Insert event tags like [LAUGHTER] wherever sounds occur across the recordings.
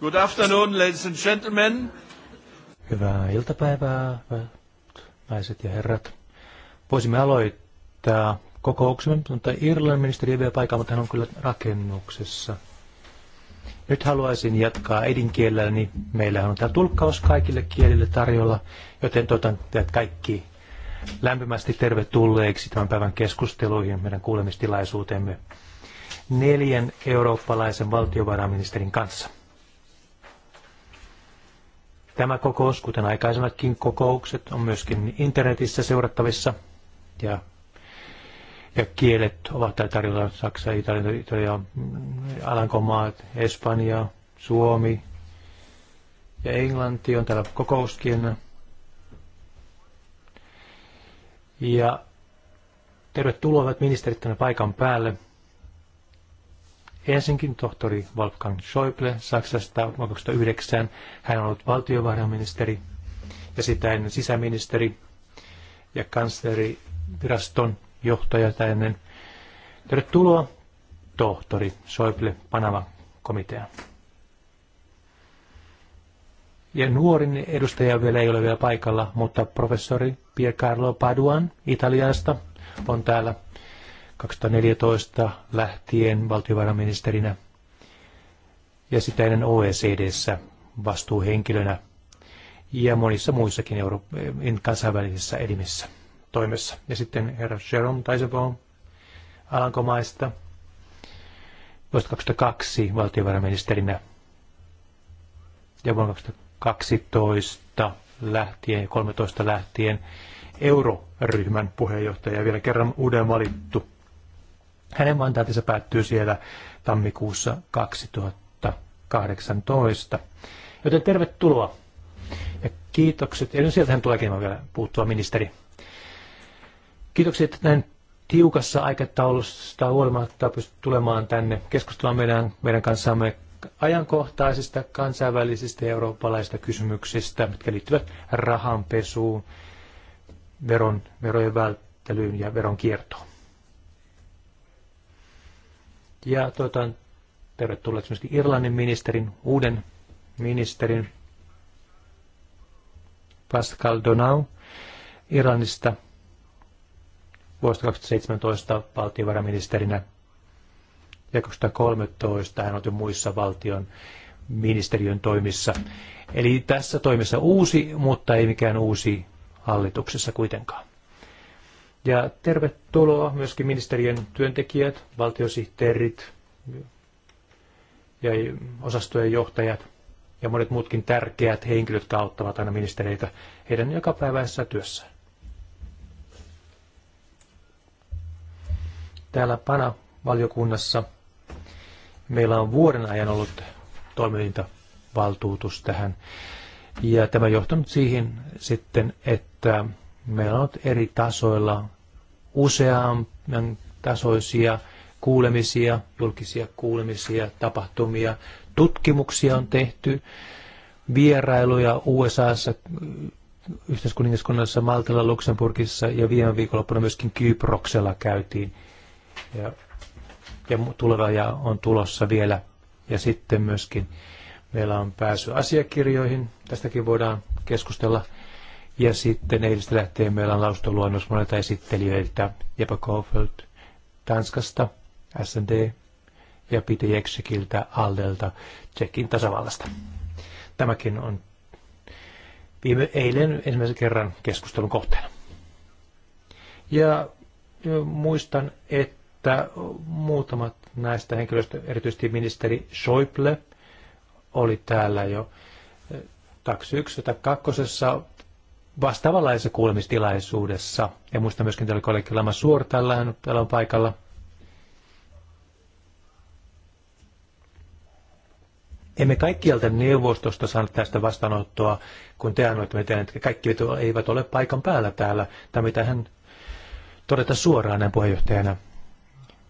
Good afternoon, ladies and gentlemen. Hyvää iltapäivää, naiset ja herrat. Voisimme aloittaa kokouksemme, mutta Irlannin ministeri ei vielä paikalla, mutta hän on kyllä rakennuksessa. Nyt haluaisin jatkaa äidinkielelläni. Niin meillä on tämä tulkkaus kaikille kielille tarjolla, joten toivotan teidät kaikki lämpimästi tervetulleeksi tämän päivän keskusteluihin, meidän kuulemistilaisuutemme neljän eurooppalaisen valtiovarainministerin kanssa. Tämä kokous, kuten aikaisemmatkin kokoukset, on myöskin internetissä seurattavissa ja, ja kielet ovat täällä tarjolla Saksa, Italia, Italia, Alankomaat, Espanja, Suomi ja Englanti on täällä kokouskielellä. Ja tervetuloa hyvät ministerit tänne paikan päälle. Helsingin tohtori Wolfgang Schäuble Saksasta 2009. Hän on ollut valtiovarainministeri ja sitä ennen sisäministeri ja kansleriviraston johtaja tai ennen. Tervetuloa tohtori Schäuble Panama komitea. Ja nuorin edustaja vielä ei ole vielä paikalla, mutta professori Piercarlo Paduan Italiasta on täällä 2014 lähtien valtiovarainministerinä ja sitä ennen OECDssä vastuuhenkilönä ja monissa muissakin euro- kansainvälisissä elimissä toimessa. Ja sitten herra Jerome Taisevon Alankomaista vuodesta 2002 valtiovarainministerinä ja vuonna 2012 lähtien, 13 lähtien euroryhmän puheenjohtaja ja vielä kerran uuden valittu hänen mandaatinsa päättyy siellä tammikuussa 2018. Joten tervetuloa ja kiitokset. Ja no sieltä hän tuleekin vielä puuttua ministeri. Kiitokset, että näin tiukassa aikataulusta huolimatta pystyt tulemaan tänne keskustelemaan meidän, meidän kanssamme ajankohtaisista kansainvälisistä ja eurooppalaisista kysymyksistä, mitkä liittyvät rahanpesuun, veron, verojen välttelyyn ja veron kiertoon. Ja toivotan tervetulleeksi myöskin Irlannin ministerin, uuden ministerin Pascal Donau Irlannista vuodesta 2017 valtiovarainministerinä ja 2013 hän on jo muissa valtion ministeriön toimissa. Eli tässä toimissa uusi, mutta ei mikään uusi hallituksessa kuitenkaan. Ja tervetuloa myöskin ministeriön työntekijät, valtiosihteerit ja osastojen johtajat ja monet muutkin tärkeät henkilöt, jotka auttavat aina ministereitä heidän jokapäiväisessä työssä. Täällä PANA-valiokunnassa meillä on vuoden ajan ollut toimintavaltuutus tähän. Ja tämä johtanut siihen sitten, että Meillä on eri tasoilla useamman tasoisia kuulemisia, julkisia kuulemisia, tapahtumia, tutkimuksia on tehty, vierailuja USAssa, yhteiskuningaskunnassa, Maltalla, Luxemburgissa ja viime viikonloppuna myöskin Kyproksella käytiin. Ja, ja tulevia on tulossa vielä. Ja sitten myöskin meillä on pääsy asiakirjoihin. Tästäkin voidaan keskustella. Ja sitten eilistä lähtien meillä on lausuntoluonnos monelta esittelijöiltä, Jeppe Kofeld Tanskasta, SND, ja Pite Jeksikiltä Aldelta Tsekin tasavallasta. Tämäkin on viime eilen ensimmäisen kerran keskustelun kohteena. Ja muistan, että muutamat näistä henkilöistä, erityisesti ministeri Schäuble, oli täällä jo eh, taksi 1 tai 2 vastaavanlaisessa kuulemistilaisuudessa. Ja muista myöskin, että oli kollega Lama Suor tällä, on paikalla. Emme kaikkialta neuvostosta saaneet tästä vastaanottoa, kun te annoitte meitä, että kaikki eivät ole paikan päällä täällä, tai mitä hän todeta suoraan näin puheenjohtajana.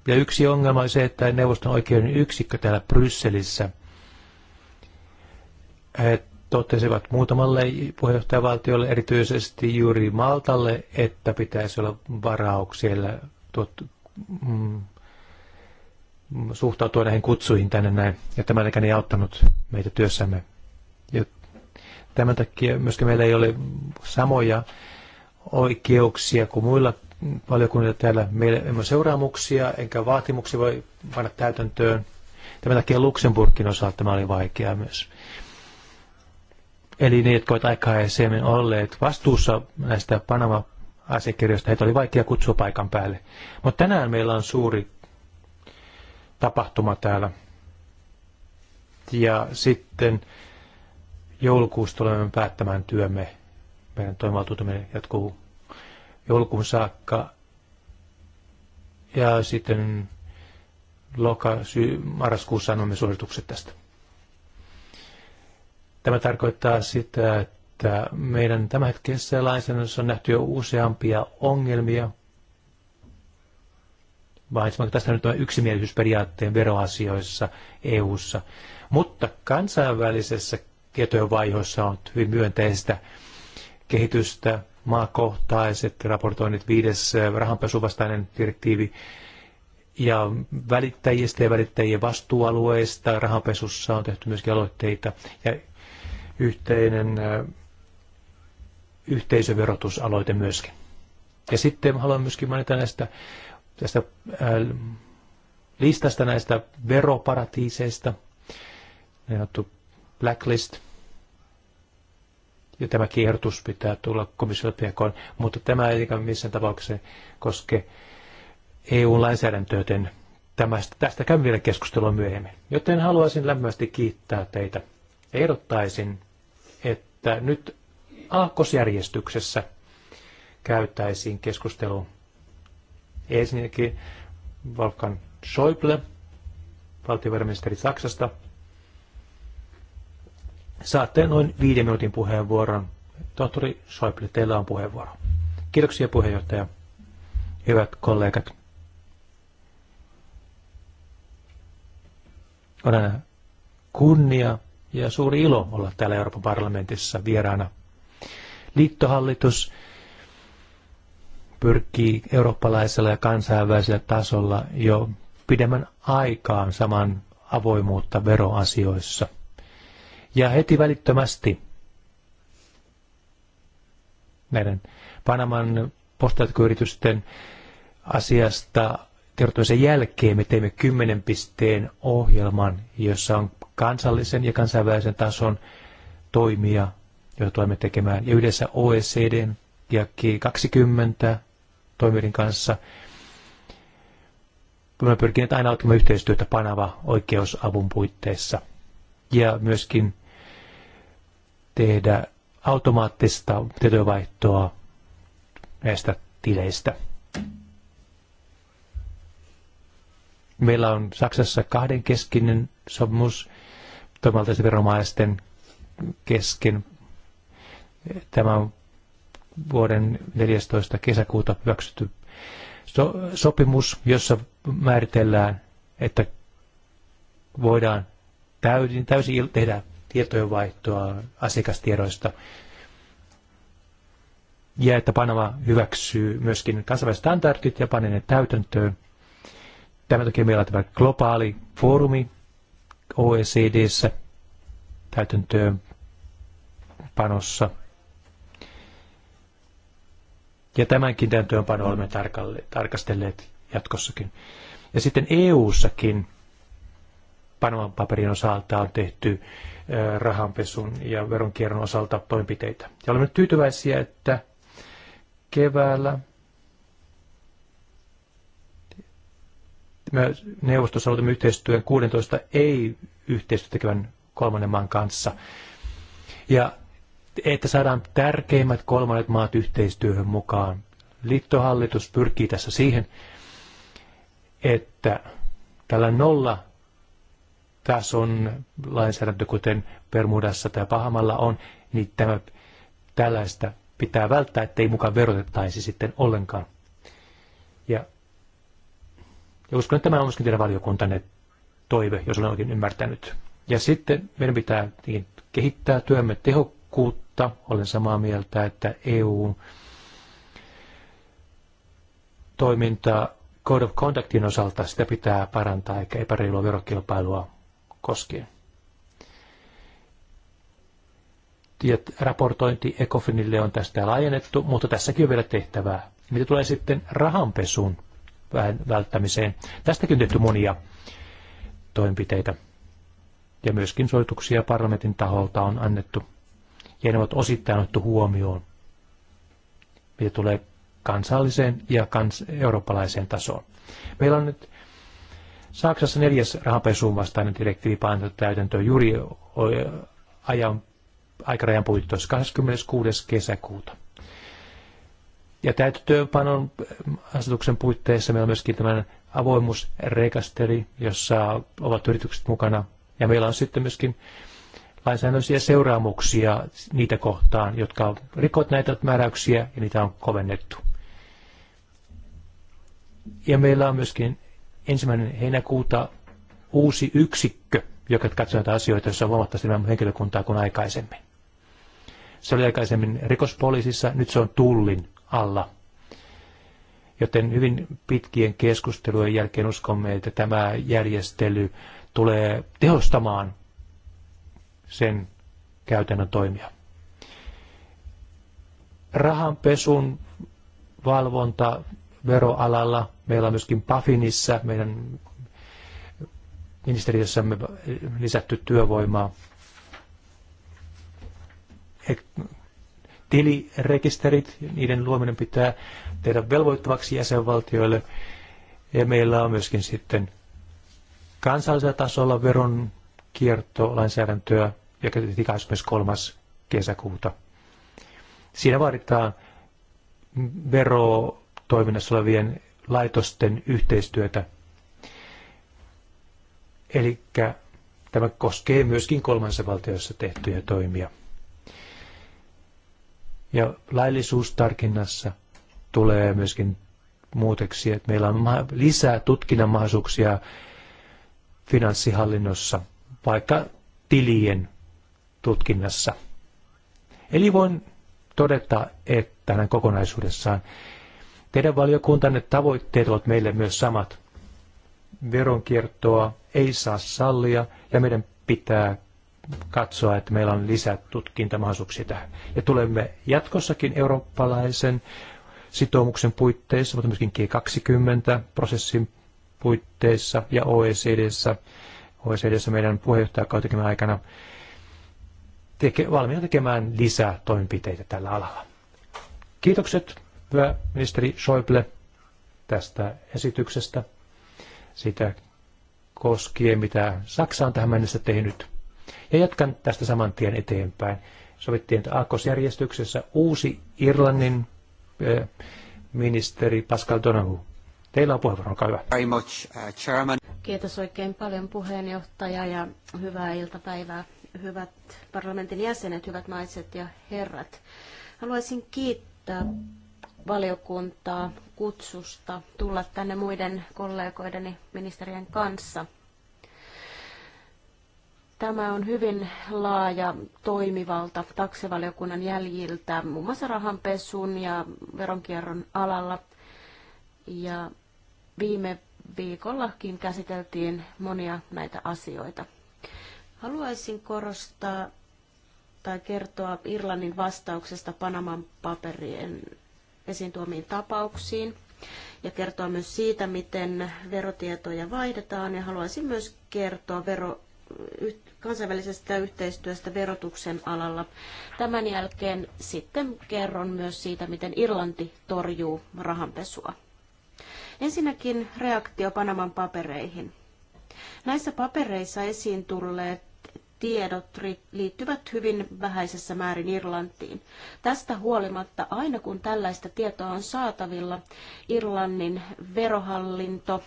Ja yksi ongelma on se, että neuvoston oikeuden yksikkö täällä Brysselissä totesivat muutamalle puheenjohtajavaltiolle, erityisesti juuri Maltalle, että pitäisi olla varauksia mm, suhtautua näihin kutsuihin tänne näin. Ja tämä ei auttanut meitä työssämme. Ja tämän takia myöskin meillä ei ole samoja oikeuksia kuin muilla valiokunnilla täällä. Meillä ei ole seuraamuksia enkä vaatimuksia voi panna täytäntöön. Tämän takia Luxemburgin osalta tämä oli vaikeaa myös. Eli ne, jotka ovat aikaisemmin olleet vastuussa näistä Panama-asiakirjoista, heitä oli vaikea kutsua paikan päälle. Mutta tänään meillä on suuri tapahtuma täällä. Ja sitten joulukuussa tulemme päättämään työmme. Meidän toimivaltuutemme jatkuu joulukuun saakka. Ja sitten loka, sy, marraskuussa annamme suositukset tästä. Tämä tarkoittaa sitä, että meidän tämänhetkisessä lainsäädännössä on nähty jo useampia ongelmia, vaan tästä nyt on yksimielisyysperiaatteen veroasioissa EU-ssa. Mutta kansainvälisessä vaihossa on hyvin myönteistä kehitystä, maakohtaiset raportoinnit, viides rahanpesuvastainen direktiivi ja välittäjistä ja välittäjien vastuualueista rahanpesussa on tehty myöskin aloitteita. Ja yhteinen yhteisöverotusaloite myöskin. Ja sitten haluan myöskin mainita näistä, tästä listasta näistä veroparatiiseista, niin ottu blacklist, ja tämä kiertus pitää tulla komissiolle pekoon, mutta tämä ei missään tapauksessa koske EU-lainsäädäntöä, joten tämästä, tästä käyn vielä keskustelua myöhemmin. Joten haluaisin lämpimästi kiittää teitä. Ehdottaisin, että nyt aakkosjärjestyksessä käytäisiin keskustelu ensinnäkin Wolfgang Schäuble, valtiovarainministeri Saksasta, Saatte noin viiden minuutin puheenvuoron. Tohtori Schäuble, teillä on puheenvuoro. Kiitoksia puheenjohtaja. Hyvät kollegat. Olen kunnia ja suuri ilo olla täällä Euroopan parlamentissa vieraana. Liittohallitus pyrkii eurooppalaisella ja kansainvälisellä tasolla jo pidemmän aikaan saman avoimuutta veroasioissa. Ja heti välittömästi näiden Panaman postaatkoyritysten asiasta tiedottamisen jälkeen me teimme kymmenen pisteen ohjelman, jossa on kansallisen ja kansainvälisen tason toimia, joita tulemme tekemään, ja yhdessä OECD ja G20 toimijoiden kanssa. Olemme pyrkineet aina auttamaan yhteistyötä panava oikeusavun puitteissa ja myöskin tehdä automaattista tietojenvaihtoa näistä tileistä. Meillä on Saksassa kahdenkeskinen sopimus toimivaltaisten viranomaisten kesken tämän vuoden 14. kesäkuuta hyväksytty so- sopimus, jossa määritellään, että voidaan täysin, täysin tehdä tietojenvaihtoa asiakastiedoista ja että Panama hyväksyy myöskin kansainväliset standardit ja panee ne täytäntöön. Tämän takia meillä on tämä globaali foorumi, OECDssä panossa Ja tämänkin täytäntöönpano olemme tarkastelleet jatkossakin. Ja sitten EU-sakin Panaman paperin osalta on tehty rahanpesun ja veronkierron osalta toimenpiteitä. Ja olemme tyytyväisiä, että keväällä tämä neuvostossa aloitamme yhteistyön 16 ei-yhteistyötä tekevän kolmannen maan kanssa. Ja että saadaan tärkeimmät kolmannet maat yhteistyöhön mukaan. Liittohallitus pyrkii tässä siihen, että tällä nolla on lainsäädäntö, kuten Permudassa tai Pahamalla on, niin tämä, tällaista pitää välttää, ettei mukaan verotettaisi sitten ollenkaan. Ja ja uskon, että tämä on myöskin teidän valiokuntanne toive, jos olen oikein ymmärtänyt. Ja sitten meidän pitää kehittää työmme tehokkuutta. Olen samaa mieltä, että EU toiminta Code of Conductin osalta sitä pitää parantaa, eikä epäreilua verokilpailua koskien. Tiet, raportointi Ecofinille on tästä laajennettu, mutta tässäkin on vielä tehtävää. Mitä tulee sitten rahanpesun välttämiseen. Tästäkin on tehty monia toimenpiteitä. Ja myöskin soituksia parlamentin taholta on annettu. Ja ne ovat osittain otettu huomioon, mitä tulee kansalliseen ja kans- eurooppalaiseen tasoon. Meillä on nyt Saksassa neljäs rahanpesuun vastainen direktiivi pantu täytäntöön juuri ajan, aikarajan puitteissa 26. kesäkuuta. Ja täytäntöönpanon äh, asetuksen puitteissa meillä on myöskin tämän avoimuusrekasteri, jossa ovat yritykset mukana. Ja meillä on sitten myöskin lainsäädännöllisiä seuraamuksia niitä kohtaan, jotka rikot näitä määräyksiä ja niitä on kovennettu. Ja meillä on myöskin ensimmäinen heinäkuuta uusi yksikkö, joka katsoo näitä asioita, jossa on huomattavasti enemmän henkilökuntaa kuin aikaisemmin. Se oli aikaisemmin rikospoliisissa, nyt se on tullin alla. Joten hyvin pitkien keskustelujen jälkeen uskomme, että tämä järjestely tulee tehostamaan sen käytännön toimia. Rahanpesun valvonta veroalalla. Meillä on myöskin Pafinissa meidän ministeriössämme eh, lisätty työvoimaa tilirekisterit, niiden luominen pitää tehdä velvoittavaksi jäsenvaltioille. Ja meillä on myöskin sitten kansallisella tasolla veron kiertolainsäädäntöä, joka tehtiin 23. kesäkuuta. Siinä vaaditaan verotoiminnassa olevien laitosten yhteistyötä. Eli tämä koskee myöskin kolmansa valtioissa tehtyjä toimia. Ja laillisuustarkinnassa tulee myöskin muutoksia, että meillä on lisää tutkinnan mahdollisuuksia finanssihallinnossa, vaikka tilien tutkinnassa. Eli voin todeta, että näin kokonaisuudessaan teidän valiokuntanne tavoitteet ovat meille myös samat. Veronkiertoa ei saa sallia ja meidän pitää katsoa, että meillä on lisätutkintamahdollisuuksia tähän. Ja tulemme jatkossakin eurooppalaisen sitoumuksen puitteissa, mutta myöskin G20-prosessin puitteissa ja OECDssä, OECDssä meidän puheenjohtajakautekemän aikana teke, valmiina tekemään lisää toimenpiteitä tällä alalla. Kiitokset, hyvä ministeri Schäuble, tästä esityksestä, siitä koskien, mitä Saksa on tähän mennessä tehnyt ja jatkan tästä saman tien eteenpäin. Sovittiin, että aakkosjärjestyksessä uusi Irlannin ministeri Pascal Donahue. Teillä on puheenvuoro, olkaa hyvä. Very much, uh, chairman. Kiitos oikein paljon puheenjohtaja ja hyvää iltapäivää, hyvät parlamentin jäsenet, hyvät naiset ja herrat. Haluaisin kiittää valiokuntaa kutsusta tulla tänne muiden kollegoideni ministerien kanssa – Tämä on hyvin laaja toimivalta taksivaliokunnan jäljiltä muun muassa rahanpesun ja veronkierron alalla. Ja viime viikollakin käsiteltiin monia näitä asioita. Haluaisin korostaa tai kertoa Irlannin vastauksesta Panaman paperien esiin tuomiin tapauksiin ja kertoa myös siitä, miten verotietoja vaihdetaan ja haluaisin myös kertoa vero kansainvälisestä yhteistyöstä verotuksen alalla. Tämän jälkeen sitten kerron myös siitä, miten Irlanti torjuu rahanpesua. Ensinnäkin reaktio Panaman papereihin. Näissä papereissa esiin tulleet tiedot liittyvät hyvin vähäisessä määrin Irlantiin. Tästä huolimatta, aina kun tällaista tietoa on saatavilla, Irlannin verohallinto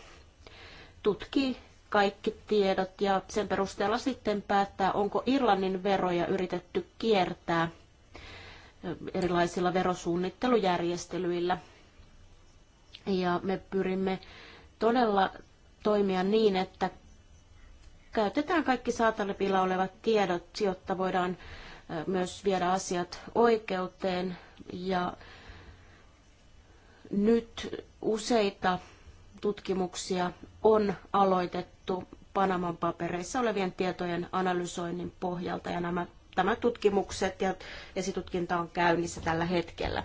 tutkii kaikki tiedot ja sen perusteella sitten päättää, onko Irlannin veroja yritetty kiertää erilaisilla verosuunnittelujärjestelyillä. Ja me pyrimme todella toimia niin, että käytetään kaikki saatavilla olevat tiedot, jotta voidaan myös viedä asiat oikeuteen. Ja nyt useita tutkimuksia on aloitettu Panaman papereissa olevien tietojen analysoinnin pohjalta ja nämä tämä tutkimukset ja esitutkinta on käynnissä tällä hetkellä.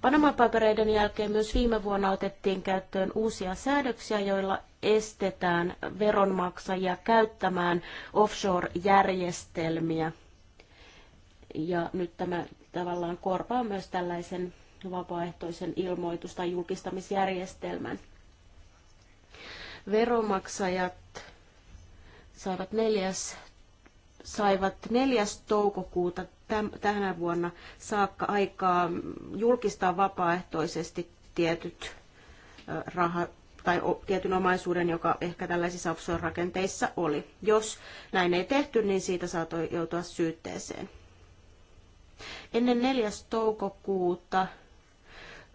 Panaman papereiden jälkeen myös viime vuonna otettiin käyttöön uusia säädöksiä, joilla estetään veronmaksajia käyttämään offshore-järjestelmiä. Ja nyt tämä tavallaan korvaa myös tällaisen vapaaehtoisen ilmoitus- tai julkistamisjärjestelmän. Veromaksajat saivat neljäs, saivat 4. toukokuuta tänä vuonna saakka aikaa julkistaa vapaaehtoisesti tietyt rahat tai tietyn omaisuuden, joka ehkä tällaisissa offshore-rakenteissa oli. Jos näin ei tehty, niin siitä saatoi joutua syytteeseen. Ennen 4. toukokuuta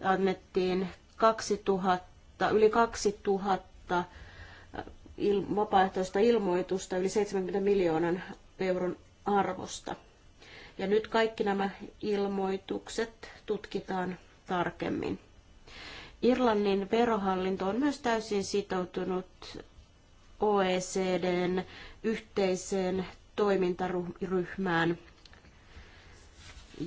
annettiin 2000, yli 2000 il- vapaaehtoista ilmoitusta yli 70 miljoonan euron arvosta. Ja nyt kaikki nämä ilmoitukset tutkitaan tarkemmin. Irlannin verohallinto on myös täysin sitoutunut OECDn yhteiseen toimintaryhmään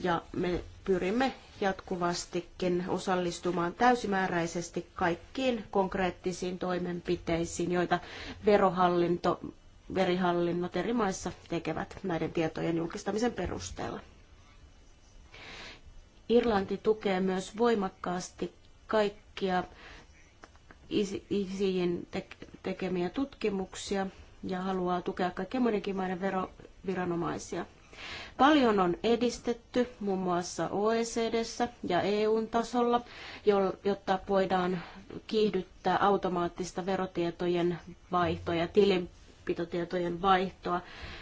ja me pyrimme jatkuvastikin osallistumaan täysimääräisesti kaikkiin konkreettisiin toimenpiteisiin, joita verohallinto, verihallinnot eri maissa tekevät näiden tietojen julkistamisen perusteella. Irlanti tukee myös voimakkaasti kaikkia ISIin tekemiä tutkimuksia ja haluaa tukea kaikkien muidenkin maiden veroviranomaisia. Paljon on edistetty muun muassa OECDssä ja EUn tasolla, jotta voidaan kiihdyttää automaattista verotietojen vaihtoa ja tilinpitotietojen vaihtoa.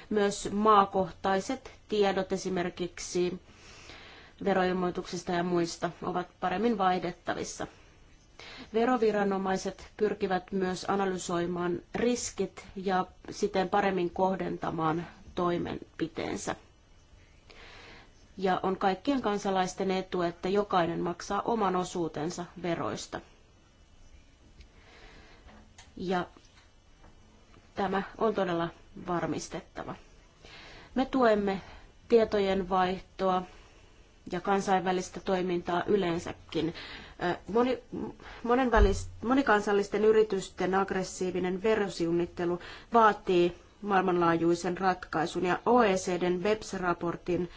Myös maakohtaiset tiedot esimerkiksi veroilmoituksista ja muista ovat paremmin vaihdettavissa. Veroviranomaiset pyrkivät myös analysoimaan riskit ja siten paremmin kohdentamaan toimenpiteensä. Ja on kaikkien kansalaisten etu, että jokainen maksaa oman osuutensa veroista. Ja tämä on todella varmistettava. Me tuemme tietojen vaihtoa ja kansainvälistä toimintaa yleensäkin. Moni, monen välis, monikansallisten yritysten aggressiivinen verosuunnittelu vaatii maailmanlaajuisen ratkaisun. Ja OECDn BEPS-raportin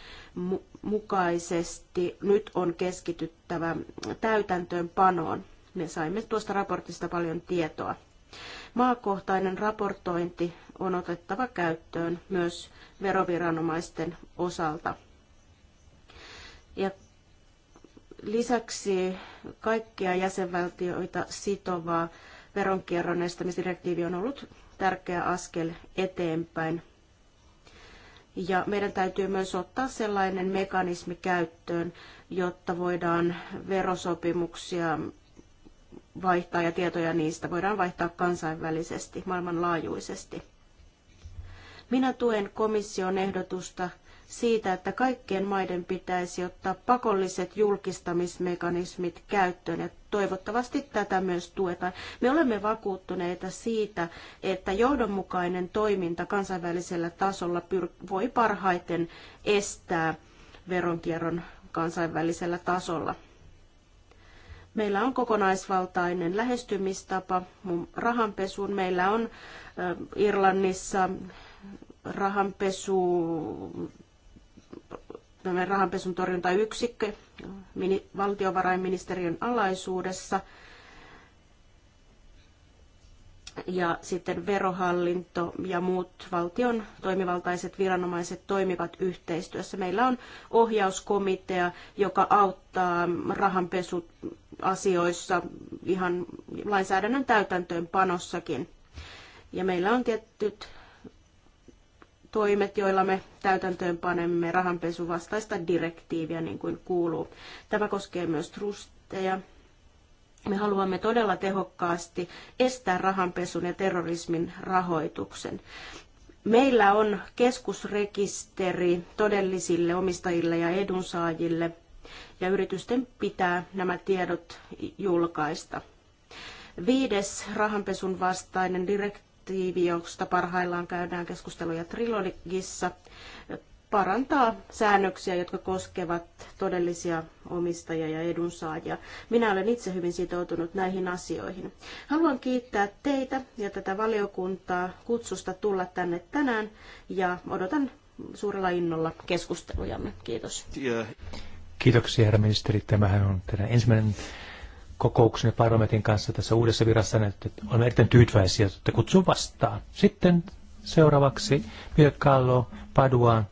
mukaisesti nyt on keskityttävä täytäntöönpanoon. Me saimme tuosta raportista paljon tietoa. Maakohtainen raportointi on otettava käyttöön myös veroviranomaisten osalta. Ja lisäksi kaikkia jäsenvaltioita sitovaa veronkierron estämisdirektiivi on ollut tärkeä askel eteenpäin. Ja meidän täytyy myös ottaa sellainen mekanismi käyttöön, jotta voidaan verosopimuksia vaihtaa ja tietoja niistä voidaan vaihtaa kansainvälisesti, maailmanlaajuisesti. Minä tuen komission ehdotusta siitä, että kaikkien maiden pitäisi ottaa pakolliset julkistamismekanismit käyttöön ja toivottavasti tätä myös tuetaan. Me olemme vakuuttuneita siitä, että johdonmukainen toiminta kansainvälisellä tasolla voi parhaiten estää veronkierron kansainvälisellä tasolla. Meillä on kokonaisvaltainen lähestymistapa rahanpesuun. Meillä on Irlannissa rahanpesu rahanpesun torjuntayksikkö valtiovarainministeriön alaisuudessa ja sitten verohallinto ja muut valtion toimivaltaiset viranomaiset toimivat yhteistyössä. Meillä on ohjauskomitea, joka auttaa rahanpesuasioissa ihan lainsäädännön täytäntöönpanossakin. Ja meillä on tietyt toimet, joilla me täytäntöön panemme rahanpesuvastaista direktiiviä niin kuin kuuluu. Tämä koskee myös trusteja. Me haluamme todella tehokkaasti estää rahanpesun ja terrorismin rahoituksen. Meillä on keskusrekisteri todellisille omistajille ja edunsaajille, ja yritysten pitää nämä tiedot julkaista. Viides rahanpesun vastainen direktiivi direktiivi, josta parhaillaan käydään keskusteluja trilogissa, parantaa säännöksiä, jotka koskevat todellisia omistajia ja edunsaajia. Minä olen itse hyvin sitoutunut näihin asioihin. Haluan kiittää teitä ja tätä valiokuntaa kutsusta tulla tänne tänään ja odotan suurella innolla keskustelujamme. Kiitos. Kiitoksia, herra ministeri. Tämähän on teidän ensimmäinen kokouksen ja parlamentin kanssa tässä uudessa virassa, niin että olemme erittäin tyytyväisiä, että kutsu vastaan. Sitten seuraavaksi Piercarlo Paduan,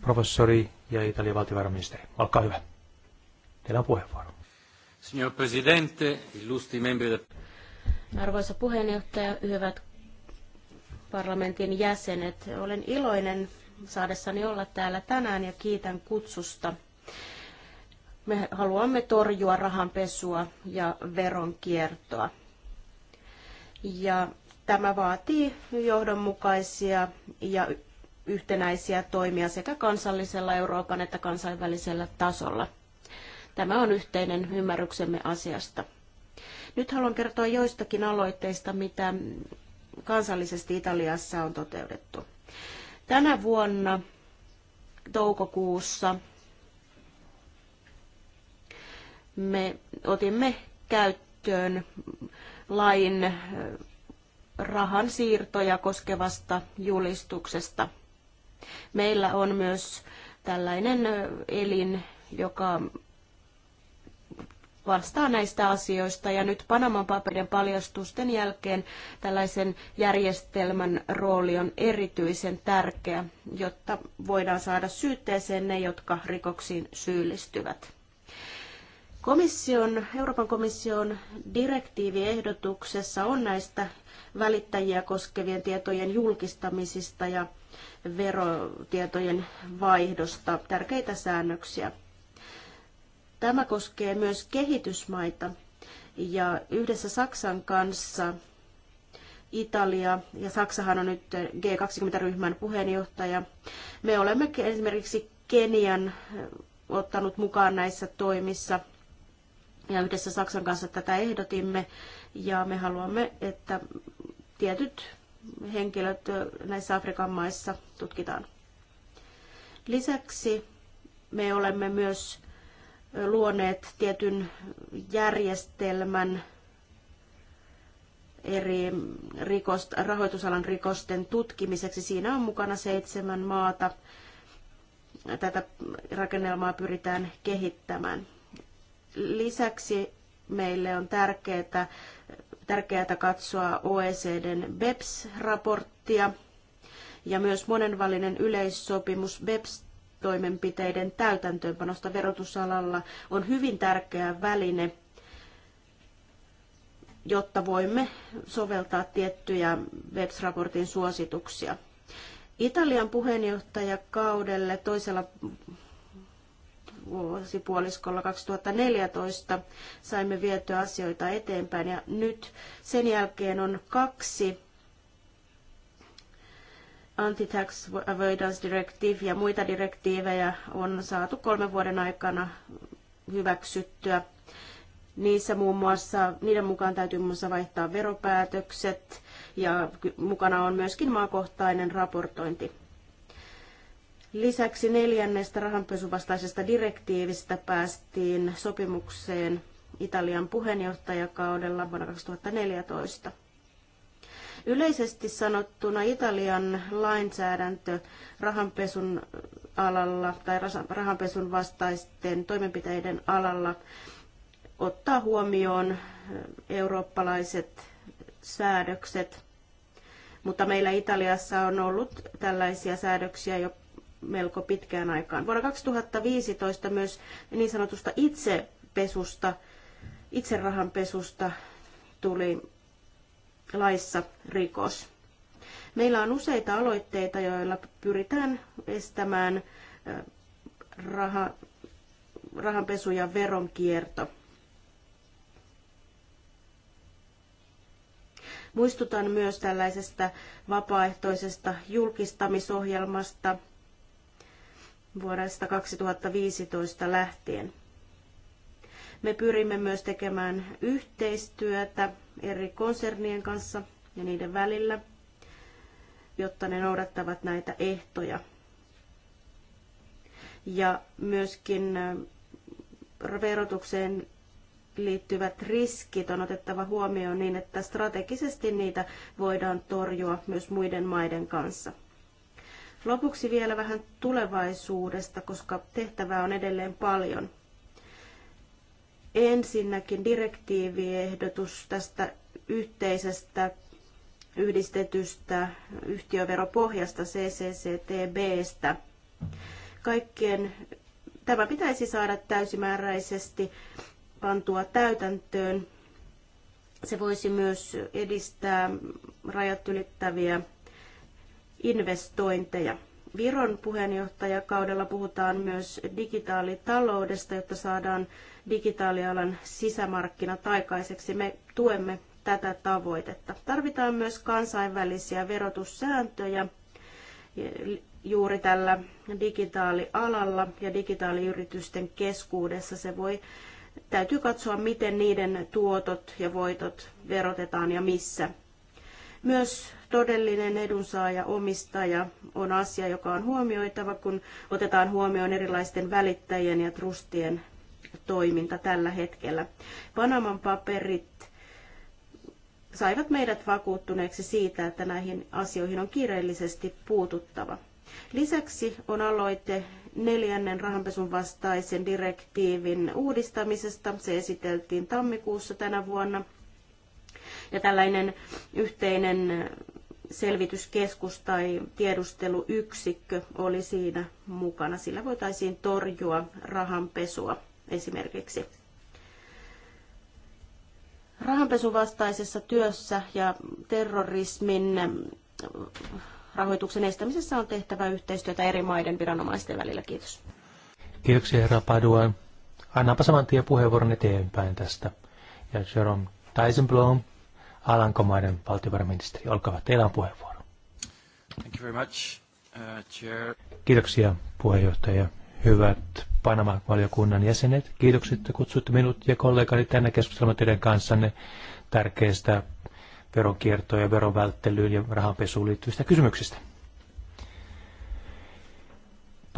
professori ja Italian valtiovarainministeri. Olkaa hyvä. Teillä on puheenvuoro. Signor Presidente, illustri membri... Arvoisa puheenjohtaja, hyvät parlamentin jäsenet, olen iloinen saadessani olla täällä tänään ja kiitän kutsusta – me haluamme torjua rahanpesua ja veronkiertoa. Ja tämä vaatii johdonmukaisia ja yhtenäisiä toimia sekä kansallisella Euroopan että kansainvälisellä tasolla. Tämä on yhteinen ymmärryksemme asiasta. Nyt haluan kertoa joistakin aloitteista, mitä kansallisesti Italiassa on toteutettu. Tänä vuonna toukokuussa me otimme käyttöön lain rahan siirtoja koskevasta julistuksesta. Meillä on myös tällainen elin, joka vastaa näistä asioista. Ja nyt Panaman paperien paljastusten jälkeen tällaisen järjestelmän rooli on erityisen tärkeä, jotta voidaan saada syytteeseen ne, jotka rikoksiin syyllistyvät. Komission, Euroopan komission direktiiviehdotuksessa on näistä välittäjiä koskevien tietojen julkistamisista ja verotietojen vaihdosta tärkeitä säännöksiä. Tämä koskee myös kehitysmaita ja yhdessä Saksan kanssa Italia ja Saksahan on nyt G20-ryhmän puheenjohtaja. Me olemme esimerkiksi Kenian ottanut mukaan näissä toimissa ja yhdessä Saksan kanssa tätä ehdotimme ja me haluamme, että tietyt henkilöt näissä Afrikan maissa tutkitaan. Lisäksi me olemme myös luoneet tietyn järjestelmän eri rikost, rahoitusalan rikosten tutkimiseksi. Siinä on mukana seitsemän maata. Tätä rakennelmaa pyritään kehittämään. Lisäksi meille on tärkeää, tärkeää katsoa OECDn BEPS-raporttia ja myös monenvälinen yleissopimus BEPS toimenpiteiden täytäntöönpanosta verotusalalla on hyvin tärkeä väline, jotta voimme soveltaa tiettyjä BEPS-raportin suosituksia. Italian puheenjohtajakaudelle toisella vuosipuoliskolla 2014 saimme vietyä asioita eteenpäin ja nyt sen jälkeen on kaksi Anti-Tax Avoidance Directive ja muita direktiivejä on saatu kolmen vuoden aikana hyväksyttyä. Niissä muun muassa, niiden mukaan täytyy muun muassa vaihtaa veropäätökset ja mukana on myöskin maakohtainen raportointi. Lisäksi neljännestä rahanpesuvastaisesta direktiivistä päästiin sopimukseen Italian puheenjohtajakaudella vuonna 2014. Yleisesti sanottuna Italian lainsäädäntö rahanpesun alalla tai rahanpesun vastaisten toimenpiteiden alalla ottaa huomioon eh, eurooppalaiset säädökset, mutta meillä Italiassa on ollut tällaisia säädöksiä jo melko pitkään aikaan. Vuonna 2015 myös niin sanotusta itsepesusta, itserahanpesusta tuli laissa rikos. Meillä on useita aloitteita, joilla pyritään estämään raha, rahanpesu ja veronkierto. Muistutan myös tällaisesta vapaaehtoisesta julkistamisohjelmasta, vuodesta 2015 lähtien. Me pyrimme myös tekemään yhteistyötä eri konsernien kanssa ja niiden välillä, jotta ne noudattavat näitä ehtoja. Ja myöskin äh, verotukseen liittyvät riskit on otettava huomioon niin, että strategisesti niitä voidaan torjua myös muiden maiden kanssa. Lopuksi vielä vähän tulevaisuudesta, koska tehtävää on edelleen paljon. Ensinnäkin direktiiviehdotus tästä yhteisestä yhdistetystä yhtiöveropohjasta CCCTBstä. Kaikkien tämä pitäisi saada täysimääräisesti pantua täytäntöön. Se voisi myös edistää rajat ylittäviä investointeja. Viron puheenjohtajakaudella puhutaan myös digitaalitaloudesta, jotta saadaan digitaalialan sisämarkkinat aikaiseksi. Me tuemme tätä tavoitetta. Tarvitaan myös kansainvälisiä verotussääntöjä juuri tällä digitaalialalla ja digitaaliyritysten keskuudessa. Se voi, täytyy katsoa, miten niiden tuotot ja voitot verotetaan ja missä. Myös todellinen edunsaaja, omistaja on asia, joka on huomioitava, kun otetaan huomioon erilaisten välittäjien ja trustien toiminta tällä hetkellä. Panaman paperit saivat meidät vakuuttuneeksi siitä, että näihin asioihin on kiireellisesti puututtava. Lisäksi on aloite neljännen rahanpesun vastaisen direktiivin uudistamisesta. Se esiteltiin tammikuussa tänä vuonna. Ja tällainen yhteinen selvityskeskus tai tiedusteluyksikkö oli siinä mukana. Sillä voitaisiin torjua rahanpesua esimerkiksi. vastaisessa työssä ja terrorismin rahoituksen estämisessä on tehtävä yhteistyötä eri maiden viranomaisten välillä. Kiitos. Kiitoksia herra Padua. Annaanpa saman tien puheenvuoron eteenpäin tästä. Ja Jerome Teisenblom Alankomaiden valtiovarainministeri. Olkaa teillä on puheenvuoro. Thank you very much, uh, chair. Kiitoksia puheenjohtaja. Hyvät Panama-valiokunnan jäsenet, kiitokset, että kutsuitte minut ja kollegani tänne keskustelemaan teidän kanssanne tärkeistä veronkiertoon ja veronvälttelyyn ja rahanpesuun liittyvistä kysymyksistä.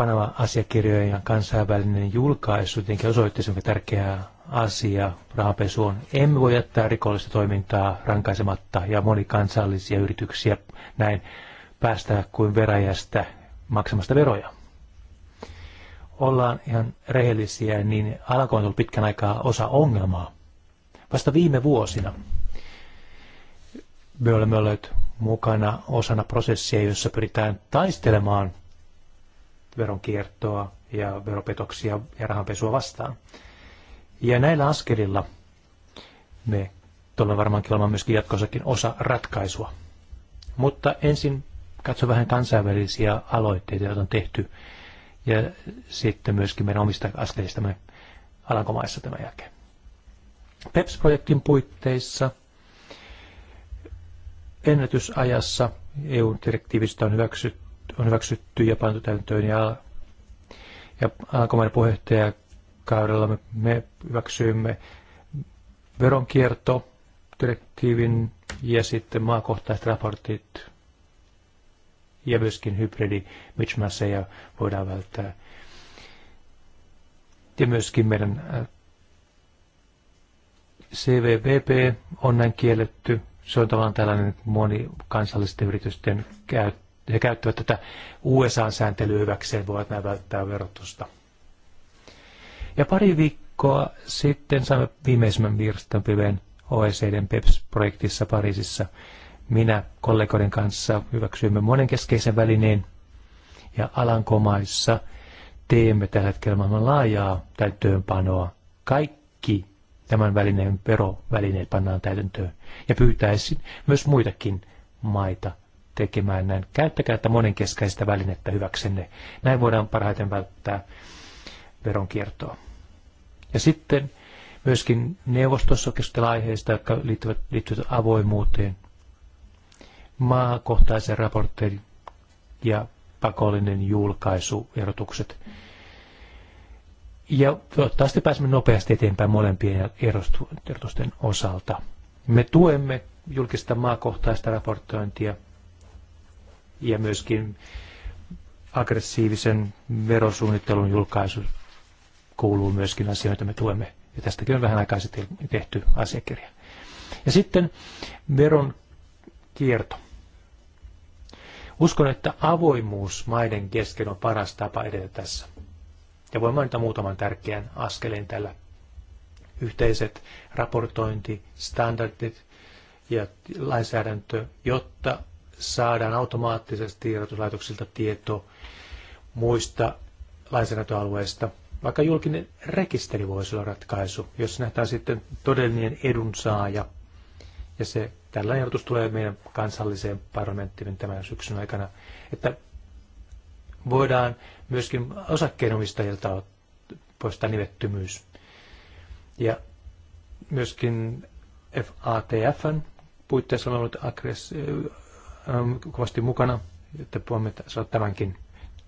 Panama-asiakirjojen kansainvälinen julkaisu jotenkin osoitti, sen, tärkeä asia rahanpesu on. Emme voi jättää rikollista toimintaa rankaisematta ja monikansallisia yrityksiä näin päästää kuin veräjästä maksamasta veroja. Ollaan ihan rehellisiä, niin alkoon on ollut pitkän aikaa osa ongelmaa. Vasta viime vuosina me olemme olleet mukana osana prosessia, jossa pyritään taistelemaan veronkiertoa ja veropetoksia ja rahanpesua vastaan. Ja näillä askelilla me tulemme varmaankin olemaan myöskin jatkossakin osa ratkaisua. Mutta ensin katso vähän kansainvälisiä aloitteita, joita on tehty, ja sitten myöskin meidän omista askelistamme Alankomaissa tämän jälkeen. PEPS-projektin puitteissa ennätysajassa EU-direktiivistä on hyväksytty on hyväksytty ja pantu täytäntöön ja, ja alkomainen puheenjohtajakaudella me, me hyväksyimme veronkierto, direktiivin ja sitten maakohtaiset raportit ja myöskin hybridi ja voidaan välttää. Ja myöskin meidän äh, CVVP on näin kielletty. Se on tavallaan tällainen monikansallisten yritysten käyttö he käyttävät tätä USA-sääntelyä hyväkseen, voivat näin välttää verotusta. Ja pari viikkoa sitten saimme viimeisimmän virstanpiven OECDn PEPS-projektissa Pariisissa. Minä kollegoiden kanssa hyväksyimme monenkeskeisen välineen ja Alankomaissa teemme tällä hetkellä maailman laajaa täyttöönpanoa. Kaikki tämän välineen verovälineet pannaan täytäntöön. Ja pyytäisin myös muitakin maita tekemään näin. Käyttäkää tätä monenkeskeistä välinettä hyväksenne. Näin voidaan parhaiten välttää veronkiertoa. Ja sitten myöskin neuvostossa keskustellaan aiheista, jotka liittyvät, liittyvät avoimuuteen, maakohtaisen raportin ja pakollinen julkaisu erotukset. Ja toivottavasti pääsemme nopeasti eteenpäin molempien erotusten osalta. Me tuemme julkista maakohtaista raportointia – ja myöskin aggressiivisen verosuunnittelun julkaisu kuuluu myöskin asioita, me tuemme. Ja tästäkin on vähän aikaa sitten tehty asiakirja. Ja sitten veron kierto. Uskon, että avoimuus maiden kesken on paras tapa edetä tässä. Ja voin mainita muutaman tärkeän askeleen tällä. Yhteiset raportointi standardit ja lainsäädäntö, jotta saadaan automaattisesti tiedotuslaitoksilta tieto muista lainsäädäntöalueista. Vaikka julkinen rekisteri voisi olla ratkaisu, jos nähdään sitten todellinen edunsaaja. Ja se tällä ehdotus tulee meidän kansalliseen parlamenttiin tämän syksyn aikana, että voidaan myöskin osakkeenomistajilta poistaa nimettömyys. Ja myöskin FATFn puitteissa on ollut Ähm, kovasti mukana, että voimme saada tämänkin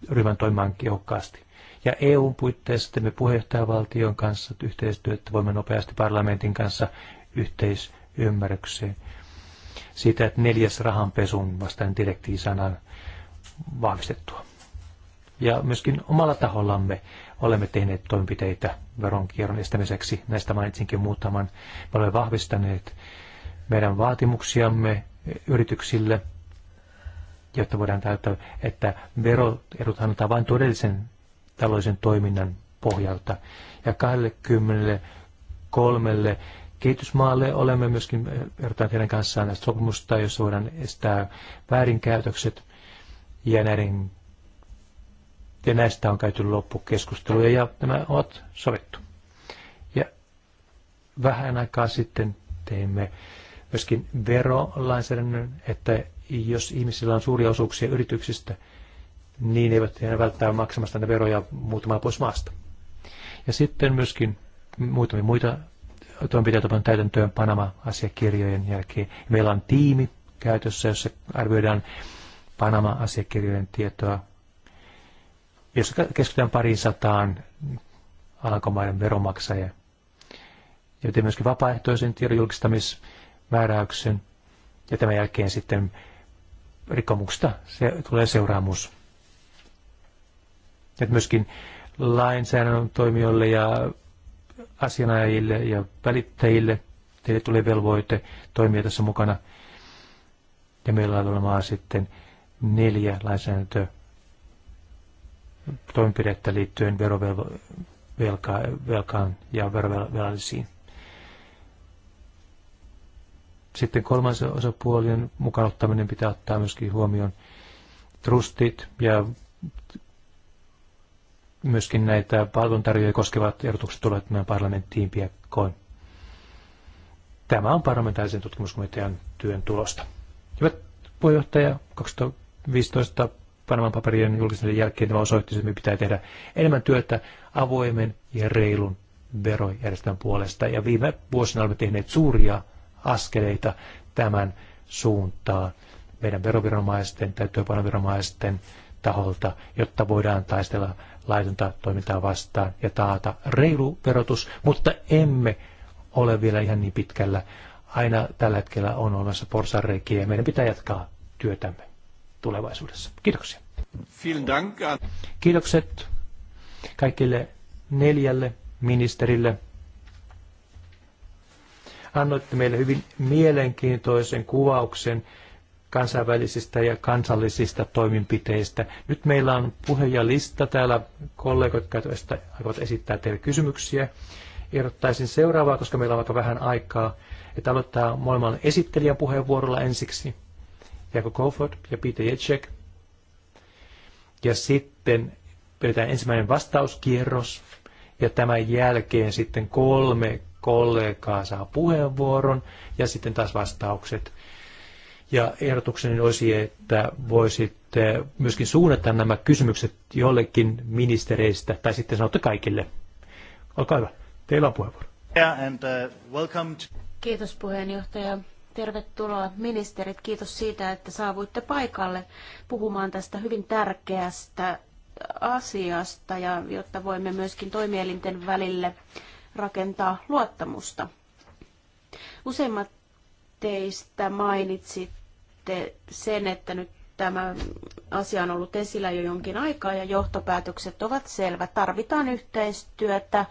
ryhmän toimimaan kehokkaasti. Ja EUn puitteissa teemme puheenjohtajavaltion kanssa yhteistyötä, voimme nopeasti parlamentin kanssa yhteisymmärrykseen siitä, että neljäs rahanpesun vastaan direktiivi vahvistettua. Ja myöskin omalla tahollamme olemme tehneet toimenpiteitä veronkierron estämiseksi. Näistä mainitsinkin muutaman. Me olemme vahvistaneet meidän vaatimuksiamme yrityksille – jotta voidaan täyttää, että veroedut annetaan vain todellisen taloudellisen toiminnan pohjalta. Ja 23 kehitysmaalle olemme myöskin eh, erotaan teidän kanssaan näistä sopimusta, jossa voidaan estää väärinkäytökset ja näiden ja näistä on käyty loppukeskusteluja ja nämä ovat sovittu. Ja vähän aikaa sitten teimme myöskin verolainsäädännön, että jos ihmisillä on suuria osuuksia yrityksistä, niin eivät he välttää maksamasta ne veroja muutamaa pois maasta. Ja sitten myöskin muutamia muita toimenpiteitä on täytäntöön Panama-asiakirjojen jälkeen. Meillä on tiimi käytössä, jossa arvioidaan Panama-asiakirjojen tietoa, jossa keskitytään pariin sataan alankomaiden veromaksajia. Ja myöskin vapaaehtoisen tiedon julkistamismääräyksen ja tämän jälkeen sitten rikkomuksesta se tulee seuraamus. Et myöskin lainsäädännön toimijoille ja asianajajille ja välittäjille teille tulee velvoite toimia tässä mukana. Ja meillä on olemaan sitten neljä lainsäädäntö toimenpidettä liittyen verovelkaan ja verovelallisiin sitten kolmas osapuolien mukaan ottaminen pitää ottaa myöskin huomioon trustit ja myöskin näitä palveluntarjoajia koskevat ehdotukset tulevat meidän parlamenttiin piakkoin. Tämä on parlamentaarisen tutkimuskomitean työn tulosta. Hyvä puheenjohtaja, 2015 Panaman paperien julkisen jälkeen tämä osoitti, että me pitää tehdä enemmän työtä avoimen ja reilun verojärjestelmän puolesta. Ja viime vuosina olemme tehneet suuria askeleita tämän suuntaan meidän veroviranomaisten, tai työpanoviranomaisten taholta, jotta voidaan taistella laitonta toimintaa vastaan ja taata reilu verotus, mutta emme ole vielä ihan niin pitkällä. Aina tällä hetkellä on olemassa porsareikiä ja meidän pitää jatkaa työtämme tulevaisuudessa. Kiitoksia. Kiitokset kaikille neljälle ministerille annoitte meille hyvin mielenkiintoisen kuvauksen kansainvälisistä ja kansallisista toimenpiteistä. Nyt meillä on puheenjalista täällä kollegot, jotka aikovat esittää teille kysymyksiä. Ehdottaisin seuraavaa, koska meillä on aika vähän aikaa, että aloittaa molemman esittelijän puheenvuorolla ensiksi. Jako Kofod ja Peter Jacek. Ja sitten pidetään ensimmäinen vastauskierros. Ja tämän jälkeen sitten kolme kollegaa saa puheenvuoron ja sitten taas vastaukset. Ja ehdotukseni olisi, että voisitte myöskin suunnata nämä kysymykset jollekin ministereistä, tai sitten sanotte kaikille. Olkaa hyvä, teillä on puheenvuoro. Yeah, and, uh, to... Kiitos puheenjohtaja. Tervetuloa ministerit. Kiitos siitä, että saavuitte paikalle puhumaan tästä hyvin tärkeästä asiasta, ja jotta voimme myöskin toimielinten välille rakentaa luottamusta. Useimmat teistä mainitsitte sen, että nyt tämä asia on ollut esillä jo jonkin aikaa ja johtopäätökset ovat selvä. Tarvitaan yhteistyötä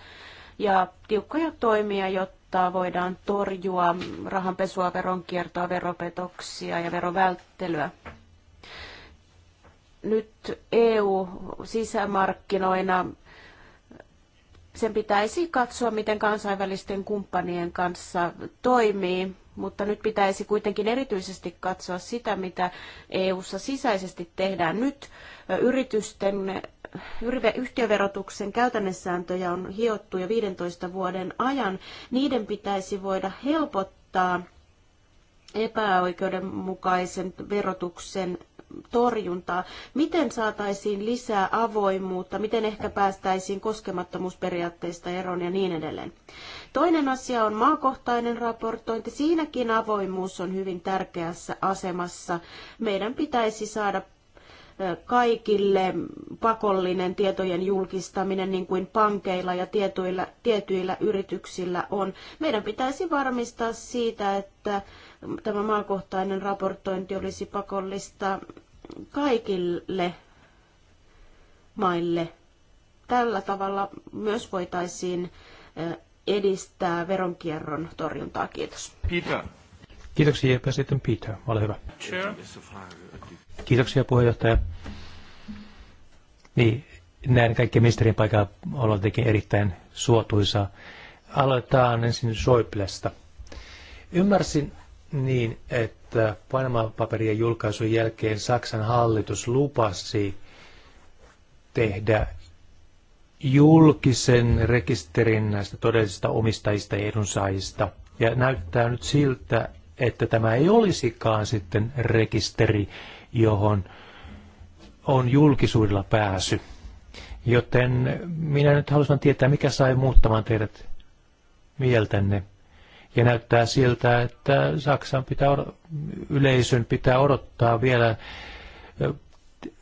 ja tiukkoja toimia, jotta voidaan torjua rahanpesua, veronkiertoa, veropetoksia ja verovälttelyä. Nyt EU sisämarkkinoina sen pitäisi katsoa, miten kansainvälisten kumppanien kanssa toimii, mutta nyt pitäisi kuitenkin erityisesti katsoa sitä, mitä EU:ssa sisäisesti tehdään nyt. Yritysten yhtiöverotuksen käytännössääntöjä on hiottu jo 15 vuoden ajan. Niiden pitäisi voida helpottaa epäoikeudenmukaisen verotuksen torjuntaa. Miten saataisiin lisää avoimuutta, miten ehkä päästäisiin koskemattomuusperiaatteista eroon ja niin edelleen. Toinen asia on maakohtainen raportointi. Siinäkin avoimuus on hyvin tärkeässä asemassa. Meidän pitäisi saada kaikille pakollinen tietojen julkistaminen niin kuin pankeilla ja tietyillä, tietyillä yrityksillä on. Meidän pitäisi varmistaa siitä, että tämä maakohtainen raportointi olisi pakollista kaikille maille. Tällä tavalla myös voitaisiin edistää veronkierron torjuntaa. Kiitos. Peter. Kiitoksia ja sitten Peter. Ole hyvä. Sure. Kiitoksia puheenjohtaja. Niin, näin kaikki ministerin paikalla ollaan tietenkin erittäin suotuisaa. Aloitetaan ensin Soiplesta. Ymmärsin niin, että Panama-paperien julkaisun jälkeen Saksan hallitus lupasi tehdä julkisen rekisterin näistä todellisista omistajista ja edunsaajista. Ja näyttää nyt siltä, että tämä ei olisikaan sitten rekisteri, johon on julkisuudella pääsy. Joten minä nyt haluaisin tietää, mikä sai muuttamaan teidät mieltänne ja näyttää siltä, että Saksan pitää, yleisön pitää odottaa vielä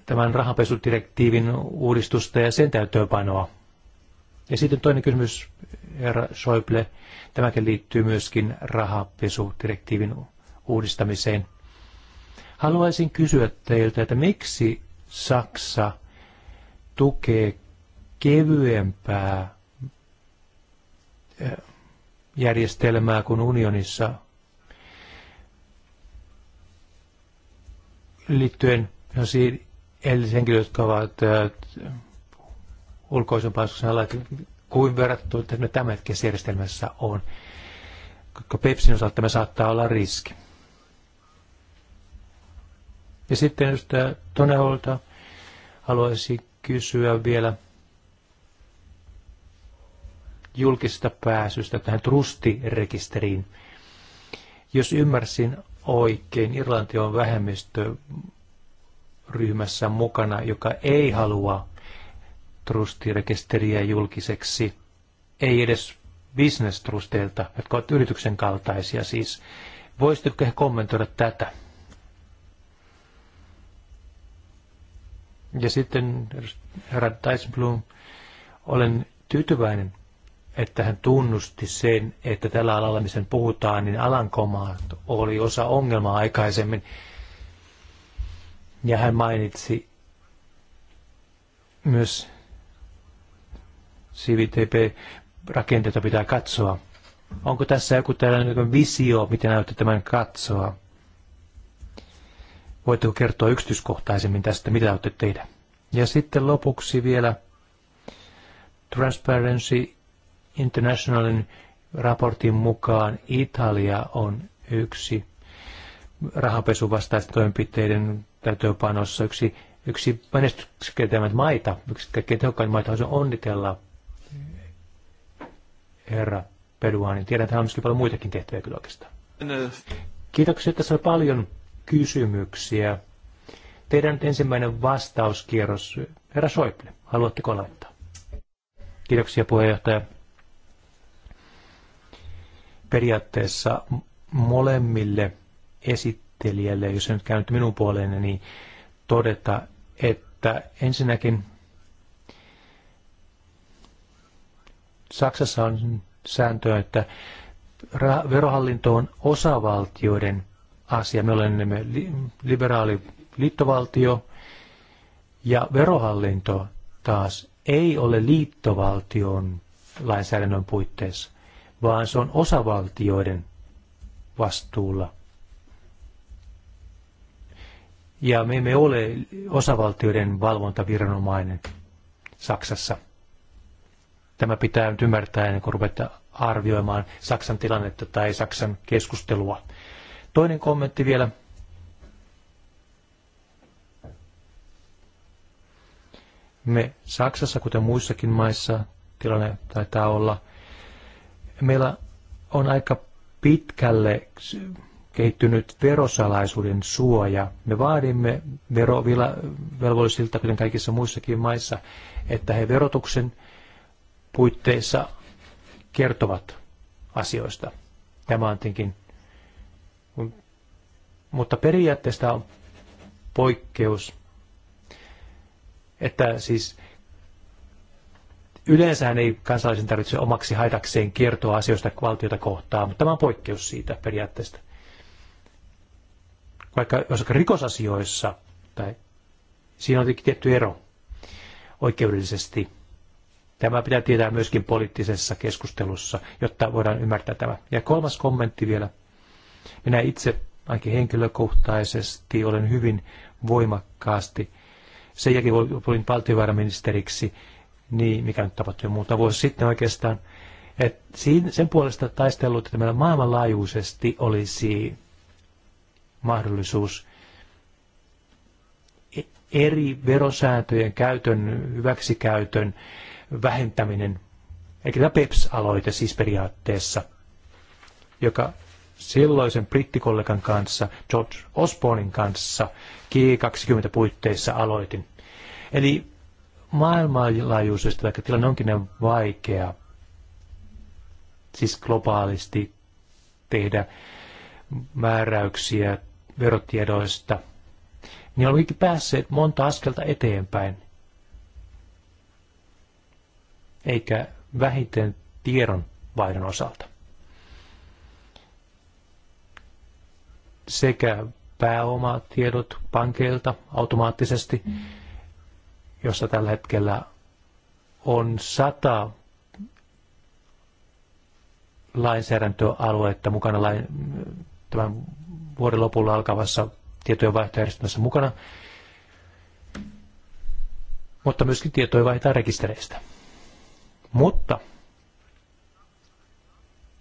tämän rahanpesudirektiivin uudistusta ja sen täytöönpanoa. Ja sitten toinen kysymys, herra Schäuble, tämäkin liittyy myöskin rahanpesudirektiivin uudistamiseen. Haluaisin kysyä teiltä, että miksi Saksa tukee kevyempää järjestelmää kuin unionissa liittyen henkilöihin, jotka ovat ulkoisen paskuksen alla, kuin tuota, ne tämän hetkessä järjestelmässä on. Koska Pepsin osalta tämä saattaa olla riski. Ja sitten edustaja Toneholta haluaisin kysyä vielä – julkista pääsystä tähän trustirekisteriin. Jos ymmärsin oikein, Irlanti on vähemmistöryhmässä mukana, joka ei halua trustirekisteriä julkiseksi, ei edes bisnestrusteilta, jotka ovat yrityksen kaltaisia siis. Voisitko kommentoida tätä? Ja sitten herra Dijsblom, olen tyytyväinen, että hän tunnusti sen, että tällä alalla, missä puhutaan, niin Alankomaat oli osa ongelmaa aikaisemmin. Ja hän mainitsi myös CVTP-rakenteita pitää katsoa. Onko tässä joku tällainen visio, miten näyttää tämän katsoa? Voitteko kertoa yksityiskohtaisemmin tästä, mitä olette tehdä? Ja sitten lopuksi vielä Transparency Internationalin raportin mukaan Italia on yksi rahapesuvastaisten toimenpiteiden täytöpanossa yksi, yksi menestyksekkäimmät maita, yksi kaikkein tehokkaita maita, haluaisin onnitella herra Peduanin. Tiedän, että hän on paljon muitakin tehtäviä kyllä oikeastaan. Kiitoksia, tässä oli paljon kysymyksiä. Teidän nyt ensimmäinen vastauskierros. Herra Soiple, haluatteko laittaa? Kiitoksia puheenjohtaja periaatteessa molemmille esittelijälle, jos se nyt käy minun puoleeni, niin todeta, että ensinnäkin Saksassa on sääntöä, että verohallinto on osavaltioiden asia. Me olemme liberaali liittovaltio ja verohallinto taas ei ole liittovaltion lainsäädännön puitteissa vaan se on osavaltioiden vastuulla. Ja me emme ole osavaltioiden valvontaviranomainen Saksassa. Tämä pitää nyt ymmärtää ennen kuin ruvetaan arvioimaan Saksan tilannetta tai Saksan keskustelua. Toinen kommentti vielä. Me Saksassa, kuten muissakin maissa, tilanne taitaa olla meillä on aika pitkälle kehittynyt verosalaisuuden suoja. Me vaadimme verovelvollisilta, kuten kaikissa muissakin maissa, että he verotuksen puitteissa kertovat asioista. Tämä on tietenkin, mutta periaatteesta on poikkeus, että siis Yleensähän ei kansalaisen tarvitse omaksi haitakseen kertoa asioista valtiota kohtaan, mutta tämä on poikkeus siitä periaatteesta. Vaikka jos rikosasioissa, tai siinä on tietty ero oikeudellisesti. Tämä pitää tietää myöskin poliittisessa keskustelussa, jotta voidaan ymmärtää tämä. Ja kolmas kommentti vielä. Minä itse ainakin henkilökohtaisesti olen hyvin voimakkaasti. Sen jälkeen olin valtiovarainministeriksi niin, mikä nyt tapahtui jo muuta vuosi sitten oikeastaan, että sen puolesta taistellut, että meillä maailmanlaajuisesti olisi mahdollisuus e- eri verosääntöjen käytön, hyväksikäytön vähentäminen, eli tämä PEPS-aloite siis periaatteessa, joka silloisen brittikollegan kanssa, George Osbornin kanssa, G20-puitteissa aloitin. Eli maailmanlaajuisesti, vaikka tilanne onkin niin vaikea, siis globaalisti tehdä määräyksiä verotiedoista, niin olemme päässeet monta askelta eteenpäin. Eikä vähiten tiedon vaihdon osalta. Sekä pääomatiedot pankeilta automaattisesti, mm jossa tällä hetkellä on sata lainsäädäntöaluetta mukana lain, tämän vuoden lopulla alkavassa tietojen vaihtojärjestelmässä mukana, mutta myöskin tietoja vaihtaa rekistereistä. Mutta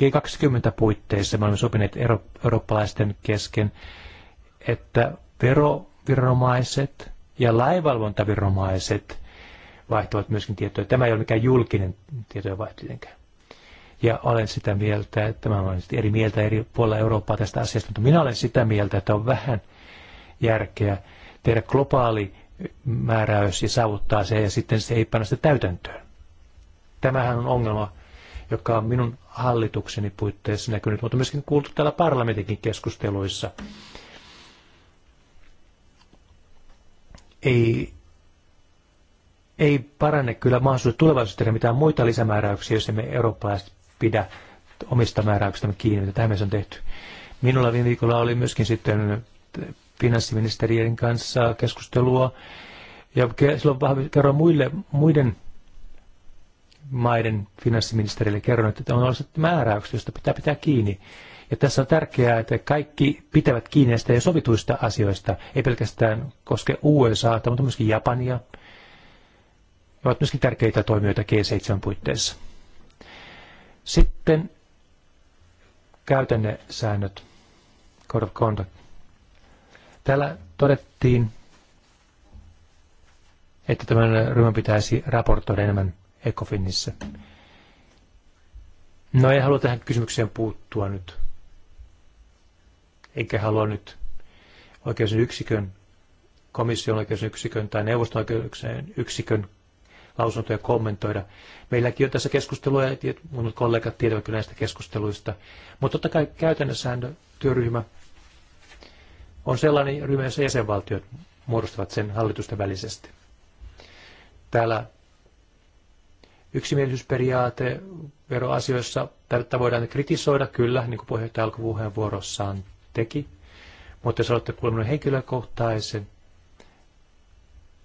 G20-puitteissa me olemme sopineet eurooppalaisten kesken, että veroviranomaiset ja lainvalvontaviranomaiset vaihtavat myöskin tietoja. Tämä ei ole mikään julkinen tietojen vaihto tietenkään. Ja olen sitä mieltä, että mä olen eri mieltä eri puolilla Eurooppaa tästä asiasta, mutta minä olen sitä mieltä, että on vähän järkeä tehdä globaali määräys ja saavuttaa se ja sitten se ei panna sitä täytäntöön. Tämähän on ongelma, joka on minun hallitukseni puitteissa näkynyt, mutta myöskin kuultu täällä parlamentinkin keskusteluissa ei, ei paranne kyllä mahdollisuudet tulevaisuudessa tehdä mitään muita lisämääräyksiä, jos emme eurooppalaiset pidä omista määräyksistämme kiinni, mitä tähän on tehty. Minulla viime viikolla oli myöskin sitten finanssiministeriön kanssa keskustelua, ja silloin kerron muille, muiden maiden finanssiministerille kerron, että on olemassa määräyksiä, joista pitää pitää kiinni. Ja tässä on tärkeää, että kaikki pitävät kiinni näistä ja sovituista asioista, ei pelkästään koske USA, mutta myöskin Japania. Ne ovat myöskin tärkeitä toimijoita G7-puitteissa. Sitten käytännesäännöt, Code of Conduct. Täällä todettiin, että tämän ryhmän pitäisi raportoida enemmän Ecofinissä. No ei halua tähän kysymykseen puuttua nyt enkä halua nyt oikeuden yksikön, komission oikeuden yksikön tai neuvoston oikeuden yksikön lausuntoja kommentoida. Meilläkin on tässä keskustelua, ja mun kollegat tietävät kyllä näistä keskusteluista. Mutta totta kai käytännössähän työryhmä on sellainen ryhmä, jossa jäsenvaltiot muodostavat sen hallitusten välisesti. Täällä yksimielisyysperiaate veroasioissa, tätä voidaan kritisoida kyllä, niin kuin puheenjohtaja alkupuheenvuorossaan teki. Mutta jos olette kuulemme henkilökohtaisen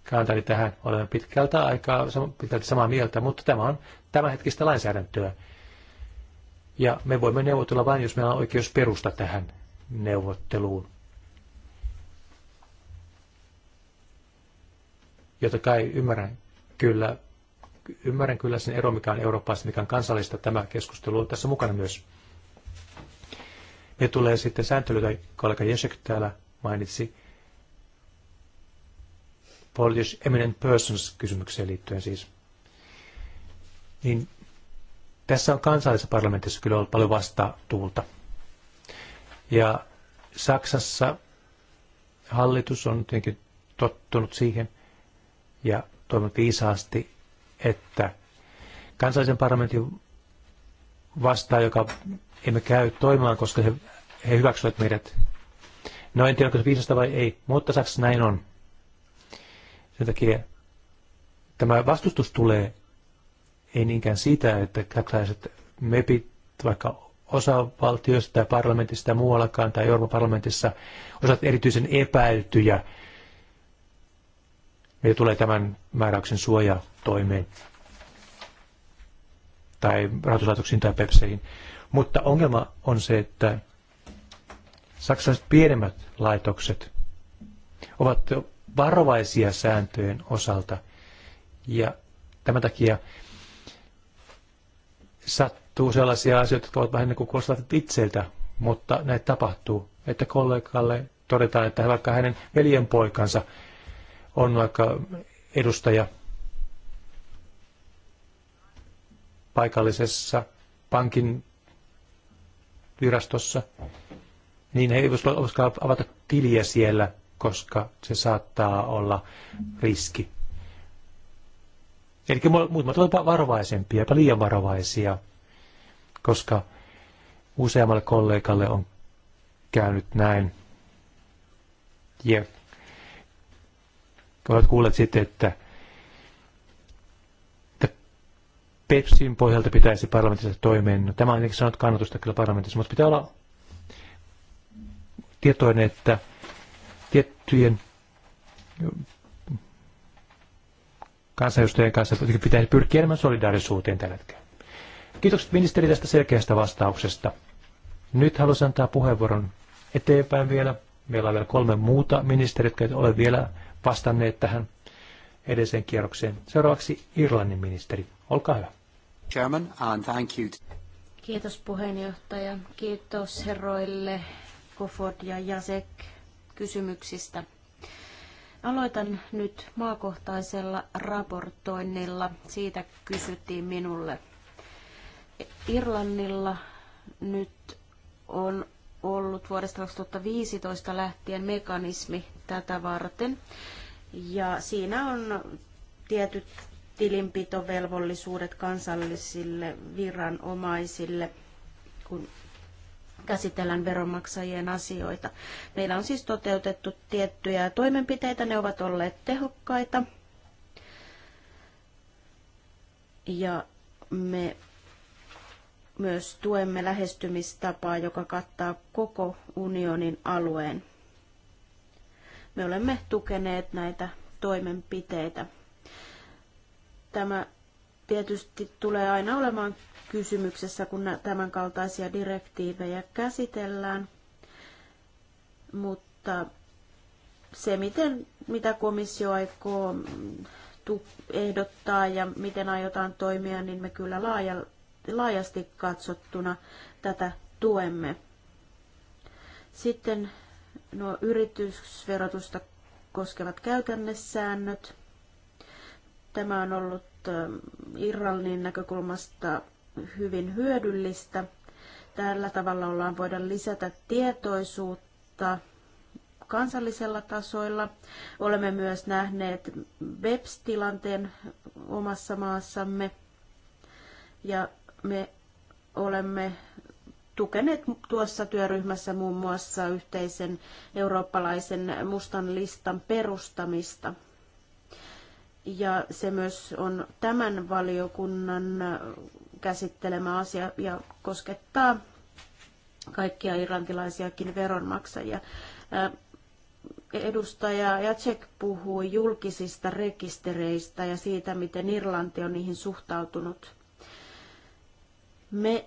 kantani tähän, olemme pitkältä aikaa pitkälti samaa mieltä, mutta tämä on tämänhetkistä lainsäädäntöä. Ja me voimme neuvotella vain, jos meillä on oikeus perusta tähän neuvotteluun. Jota kai ymmärrän kyllä, ymmärrän kyllä sen ero, mikä on eurooppalaista, mikä on kansallista. Tämä keskustelu on tässä mukana myös. Ja tulee sitten sääntely, jota kollega Jesek täällä mainitsi, Polish Eminent Persons-kysymykseen liittyen siis. Niin tässä on kansallisessa parlamentissa kyllä ollut paljon vastatuulta. Ja Saksassa hallitus on tietenkin tottunut siihen ja toiminut viisaasti, että kansallisen parlamentin vastaan, joka emme käy toimimaan, koska he, he hyväksyvät meidät. No en tiedä, onko se viisasta vai ei, mutta Saksassa näin on. Sen takia tämä vastustus tulee ei niinkään siitä, että saksalaiset mepit, vaikka osa valtioista tai parlamentista tai muuallakaan tai Euroopan parlamentissa, osat erityisen epäiltyjä, mitä tulee tämän määräyksen toimeen tai rahoituslaitoksiin tai pepseihin. Mutta ongelma on se, että saksalaiset pienemmät laitokset ovat varovaisia sääntöjen osalta. Ja tämän takia sattuu sellaisia asioita, jotka ovat vähän niin kuin kuulostavat itseltä, mutta näitä tapahtuu. Että kollegalle todetaan, että vaikka hänen veljen poikansa on vaikka edustaja paikallisessa pankin virastossa, niin he eivät uskalla avata tiliä siellä, koska se saattaa olla riski. Eli muutamat ovat varovaisempia, jopa liian varovaisia, koska useammalle kollegalle on käynyt näin. Ja olet kuullut sitten, että PEPSin pohjalta pitäisi parlamentissa toimeen. No, tämä on ainakin sanonut kannatusta kyllä parlamentissa, mutta pitää olla tietoinen, että tiettyjen kansanedustajien kanssa pitäisi pyrkiä enemmän solidaarisuuteen tällä hetkellä. Kiitokset ministeri tästä selkeästä vastauksesta. Nyt haluaisin antaa puheenvuoron eteenpäin vielä. Meillä on vielä kolme muuta ministeriä, jotka ole vielä vastanneet tähän edelliseen kierrokseen. Seuraavaksi Irlannin ministeri. Olkaa hyvä. Chairman, and thank you. Kiitos puheenjohtaja. Kiitos herroille Kofod ja Jasek kysymyksistä. Aloitan nyt maakohtaisella raportoinnilla. Siitä kysyttiin minulle. Irlannilla nyt on ollut vuodesta 2015 lähtien mekanismi tätä varten. Ja siinä on tietyt tilinpitovelvollisuudet kansallisille viranomaisille, kun käsitellään veronmaksajien asioita. Meillä on siis toteutettu tiettyjä toimenpiteitä, ne ovat olleet tehokkaita. Ja me myös tuemme lähestymistapaa, joka kattaa koko unionin alueen. Me olemme tukeneet näitä toimenpiteitä. Tämä tietysti tulee aina olemaan kysymyksessä, kun tämän kaltaisia direktiivejä käsitellään, mutta se, miten, mitä komissio aikoo ehdottaa ja miten aiotaan toimia, niin me kyllä laajasti katsottuna tätä tuemme. Sitten nuo yritysverotusta koskevat käytännessäännöt. Tämä on ollut ähm, Irlannin näkökulmasta hyvin hyödyllistä. Tällä tavalla ollaan voida lisätä tietoisuutta kansallisella tasoilla. Olemme myös nähneet BEPS-tilanteen omassa maassamme ja me olemme tukeneet tuossa työryhmässä muun muassa yhteisen eurooppalaisen mustan listan perustamista. Ja se myös on tämän valiokunnan käsittelemä asia ja koskettaa kaikkia irlantilaisiakin veronmaksajia. Edustaja Jacek puhui julkisista rekistereistä ja siitä, miten Irlanti on niihin suhtautunut. Me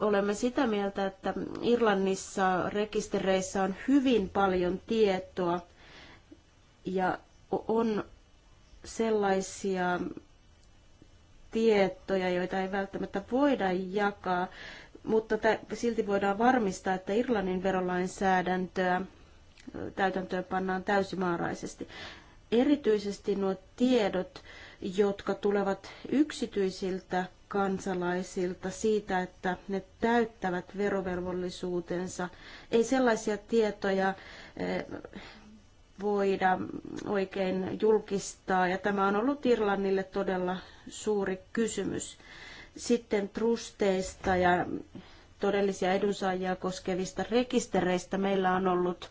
olemme sitä mieltä, että Irlannissa rekistereissä on hyvin paljon tietoa ja on sellaisia tietoja, joita ei välttämättä voida jakaa, mutta silti voidaan varmistaa, että Irlannin verolainsäädäntöä täytäntöön pannaan täysimääräisesti. Erityisesti nuo tiedot, jotka tulevat yksityisiltä kansalaisilta siitä, että ne täyttävät verovelvollisuutensa. Ei sellaisia tietoja eh, voida oikein julkistaa, ja tämä on ollut Irlannille todella suuri kysymys. Sitten trusteista ja todellisia edunsaajia koskevista rekistereistä meillä on ollut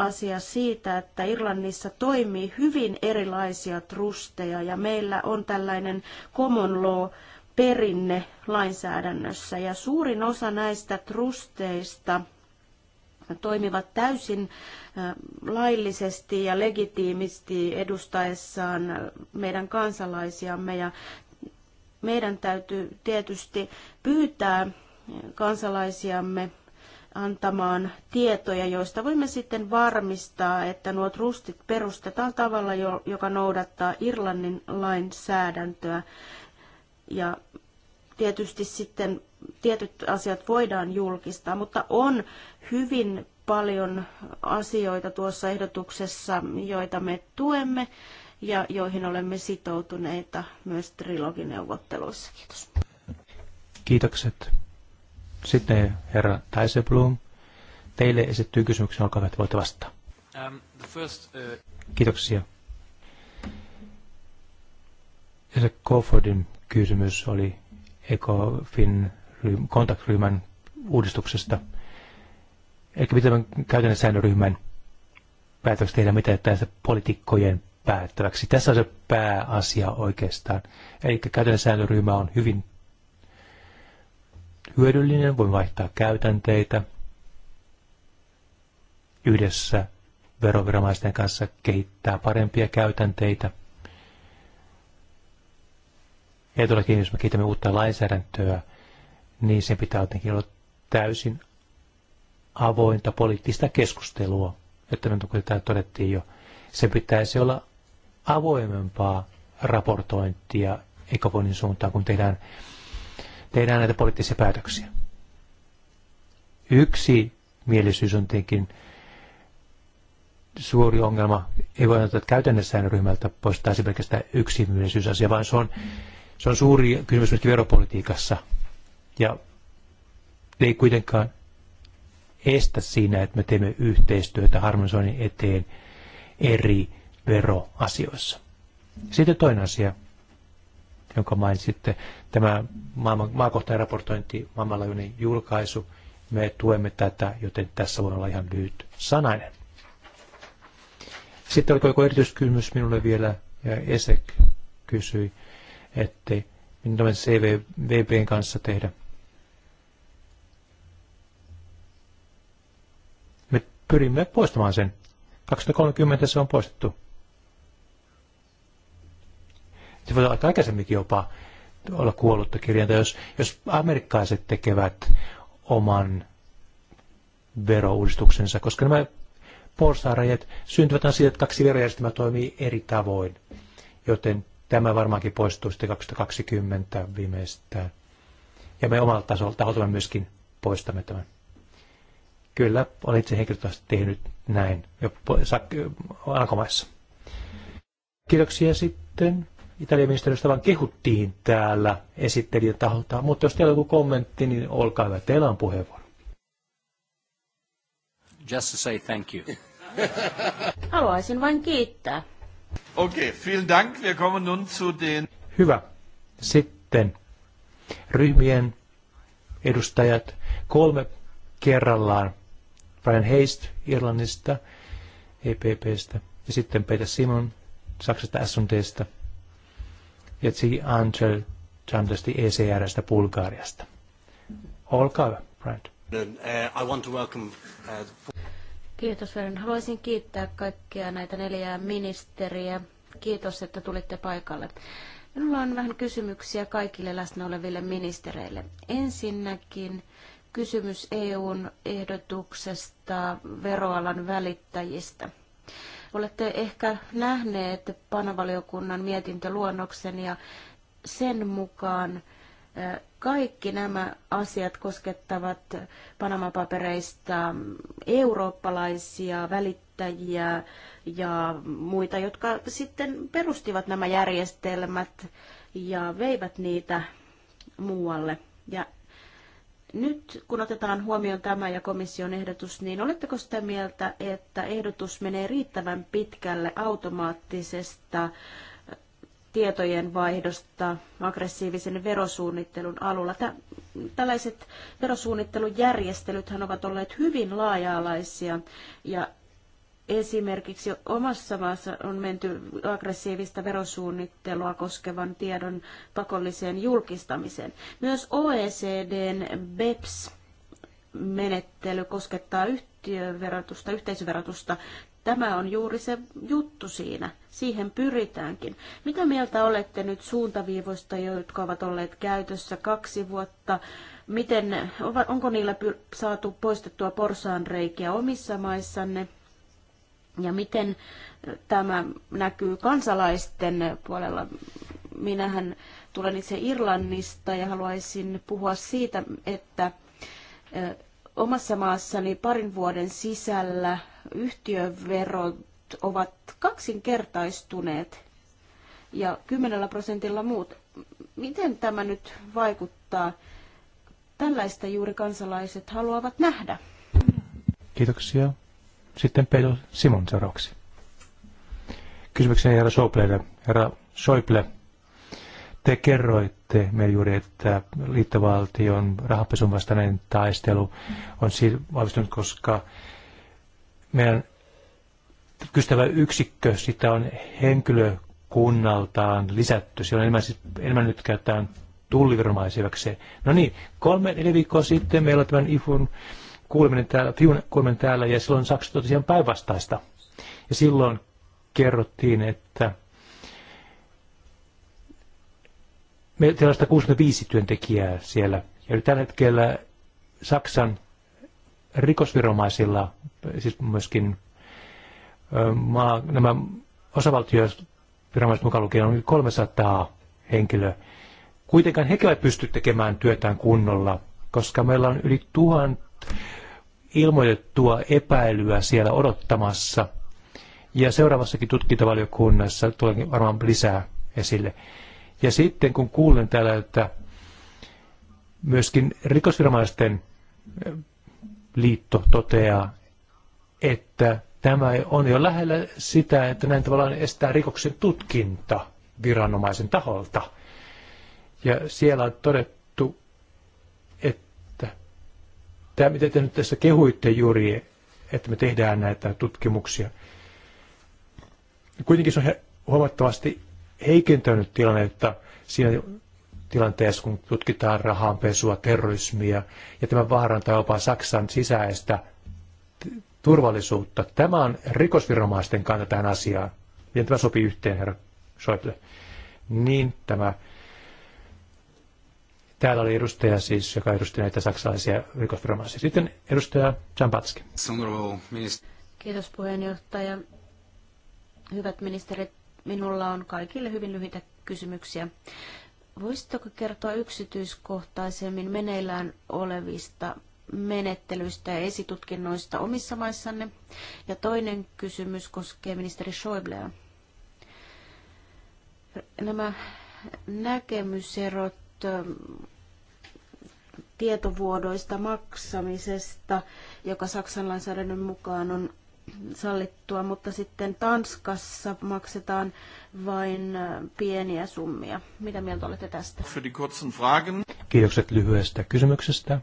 asia siitä, että Irlannissa toimii hyvin erilaisia trusteja ja meillä on tällainen common law perinne lainsäädännössä ja suurin osa näistä trusteista toimivat täysin laillisesti ja legitiimisti edustaessaan meidän kansalaisiamme ja meidän täytyy tietysti pyytää kansalaisiamme antamaan tietoja, joista voimme sitten varmistaa, että nuo trustit perustetaan tavalla, joka noudattaa Irlannin lainsäädäntöä. Ja tietysti sitten tietyt asiat voidaan julkistaa, mutta on hyvin paljon asioita tuossa ehdotuksessa, joita me tuemme ja joihin olemme sitoutuneita myös trilogineuvotteluissa. Kiitos. Kiitokset. Sitten herra Taiseblum, teille esittyy kysymyksen, olkaa hyvä, voitte vastata. Um, first, uh... Kiitoksia. Ja se Cofordin kysymys oli ECOFIN kontaktryhmän uudistuksesta. Eli miten käytännön säännöryhmän päätöksi tehdä mitä tästä poliitikkojen päättäväksi. Tässä on se pääasia oikeastaan. Eli käytännön säännöryhmä on hyvin hyödyllinen, voi vaihtaa käytänteitä yhdessä veroviranomaisten kanssa kehittää parempia käytänteitä. Ja todellakin, jos me kehitämme uutta lainsäädäntöä, niin sen pitää jotenkin olla täysin avointa poliittista keskustelua, että me kuten todettiin jo, se pitäisi olla avoimempaa raportointia ekofonin suuntaan, kun tehdään tehdään näitä poliittisia päätöksiä. Yksi mielisyys on tietenkin suuri ongelma. Ei voi ottaa käytännössä ryhmältä poistaa se pelkästään yksimielisyysasia, vaan se on, se on suuri kysymys myöskin veropolitiikassa. Ja ei kuitenkaan estä siinä, että me teemme yhteistyötä harmonisoinnin eteen eri veroasioissa. Sitten toinen asia, jonka mainitsitte. Tämä maakohtainen raportointi, maailmanlaajuinen julkaisu, me tuemme tätä, joten tässä voi olla ihan lyhyt sanainen. Sitten oliko joku erityiskysymys minulle vielä, ja Esek kysyi, että minun tämän CVVBn kanssa tehdä. Me pyrimme poistamaan sen. 2030 se on poistettu se voi aika aikaisemminkin jopa olla kuollutta kirjainta, jos, jos amerikkalaiset tekevät oman verouudistuksensa, koska nämä porsaarajat syntyvät siitä, että kaksi verojärjestelmää toimii eri tavoin, joten tämä varmaankin poistuu sitten 2020 viimeistään. Ja me omalta tasolta, taholta myöskin poistamme tämän. Kyllä, olen itse henkilökohtaisesti tehnyt näin jo alkomaissa. Kiitoksia sitten Italian ministeriöstä vaan kehuttiin täällä esittelijän taholta. Mutta jos teillä on joku kommentti, niin olkaa hyvä. Teillä on puheenvuoro. Just to say thank you. [LAUGHS] Haluaisin vain kiittää. Okei, okay, vielen dank. Wir kommen nun zu den... Hyvä. Sitten ryhmien edustajat kolme kerrallaan. Brian Heist Irlannista, EPPstä ja sitten Peter Simon Saksasta S&Dstä Jetsi Angel Chandosti ECRstä Bulgariasta. Olkaa hyvä, Brad. Uh, uh, Kiitos Veren. Haluaisin kiittää kaikkia näitä neljää ministeriä. Kiitos, että tulitte paikalle. Minulla on vähän kysymyksiä kaikille läsnä oleville ministereille. Ensinnäkin kysymys EUn ehdotuksesta veroalan välittäjistä. Olette ehkä nähneet panavaliokunnan mietintöluonnoksen ja sen mukaan kaikki nämä asiat koskettavat Panama-papereista eurooppalaisia välittäjiä ja muita, jotka sitten perustivat nämä järjestelmät ja veivät niitä muualle. Ja nyt kun otetaan huomioon tämä ja komission ehdotus, niin oletteko sitä mieltä, että ehdotus menee riittävän pitkälle automaattisesta äh, tietojen vaihdosta aggressiivisen verosuunnittelun alulla. Tällaiset verosuunnittelujärjestelythän ovat olleet hyvin laaja-alaisia ja Esimerkiksi omassa maassa on menty aggressiivista verosuunnittelua koskevan tiedon pakolliseen julkistamiseen. Myös OECDn BEPS-menettely koskettaa yhtiöverotusta, yhteisöverotusta tämä on juuri se juttu siinä. Siihen pyritäänkin. Mitä mieltä olette nyt suuntaviivoista, jotka ovat olleet käytössä kaksi vuotta? Miten, onko niillä saatu poistettua porsaanreikiä omissa maissanne? Ja miten tämä näkyy kansalaisten puolella? Minähän tulen itse Irlannista ja haluaisin puhua siitä, että omassa maassani parin vuoden sisällä yhtiöverot ovat kaksinkertaistuneet ja kymmenellä prosentilla muut. Miten tämä nyt vaikuttaa? Tällaista juuri kansalaiset haluavat nähdä. Kiitoksia. Sitten Pedro Simon seuraavaksi. Kysymykseni herra Schäublelle. Herra soiple. te kerroitte me juuri, että liittovaltion rahapesun vastainen taistelu on vahvistunut, koska meidän kystävä yksikkö, sitä on henkilökunnaltaan lisätty. Siellä on enemmän, siis, enemmän nyt käytetään tulliviranomaisivaksi. No niin, kolme, neljä viikkoa sitten meillä on tämän IFUn kuuleminen täällä, kuuleminen täällä, ja silloin Saksa totesi ihan päinvastaista. Ja silloin kerrottiin, että me teillä on 165 työntekijää siellä, ja tällä hetkellä Saksan rikosviromaisilla, siis myöskin maa, nämä osavaltioviranomaiset mukaan lukien on 300 henkilöä. Kuitenkaan he eivät pysty tekemään työtään kunnolla, koska meillä on yli tuhan, ilmoitettua epäilyä siellä odottamassa. Ja seuraavassakin tutkintavaliokunnassa tulee varmaan lisää esille. Ja sitten kun kuulen täällä, että myöskin rikosviranomaisten eh, liitto toteaa, että tämä on jo lähellä sitä, että näin tavallaan estää rikoksen tutkinta viranomaisen taholta. Ja siellä on todettu, tämä mitä te nyt tässä kehuitte juuri, että me tehdään näitä tutkimuksia, kuitenkin se on huomattavasti heikentänyt tilannetta siinä tilanteessa, kun tutkitaan rahanpesua, terrorismia, ja tämä vaarantaa jopa Saksan sisäistä turvallisuutta. Tämä on rikosviranomaisten kanta tähän asiaan. Miten tämä sopii yhteen, herra Schäuble? Niin tämä Täällä oli edustaja siis, joka edusti näitä saksalaisia rikosviranomaisia. Sitten edustaja Jambatski. Kiitos puheenjohtaja. Hyvät ministerit, minulla on kaikille hyvin lyhyitä kysymyksiä. Voisitteko kertoa yksityiskohtaisemmin meneillään olevista menettelyistä ja esitutkinnoista omissa maissanne? Ja toinen kysymys koskee ministeri Schäublea. Nämä näkemyserot Ähm, tietovuodoista maksamisesta, joka Saksan lainsäädännön mukaan on sallittua, mutta sitten Tanskassa maksetaan vain äh, pieniä summia. Mitä mieltä olette tästä? Kiitokset lyhyestä kysymyksestä.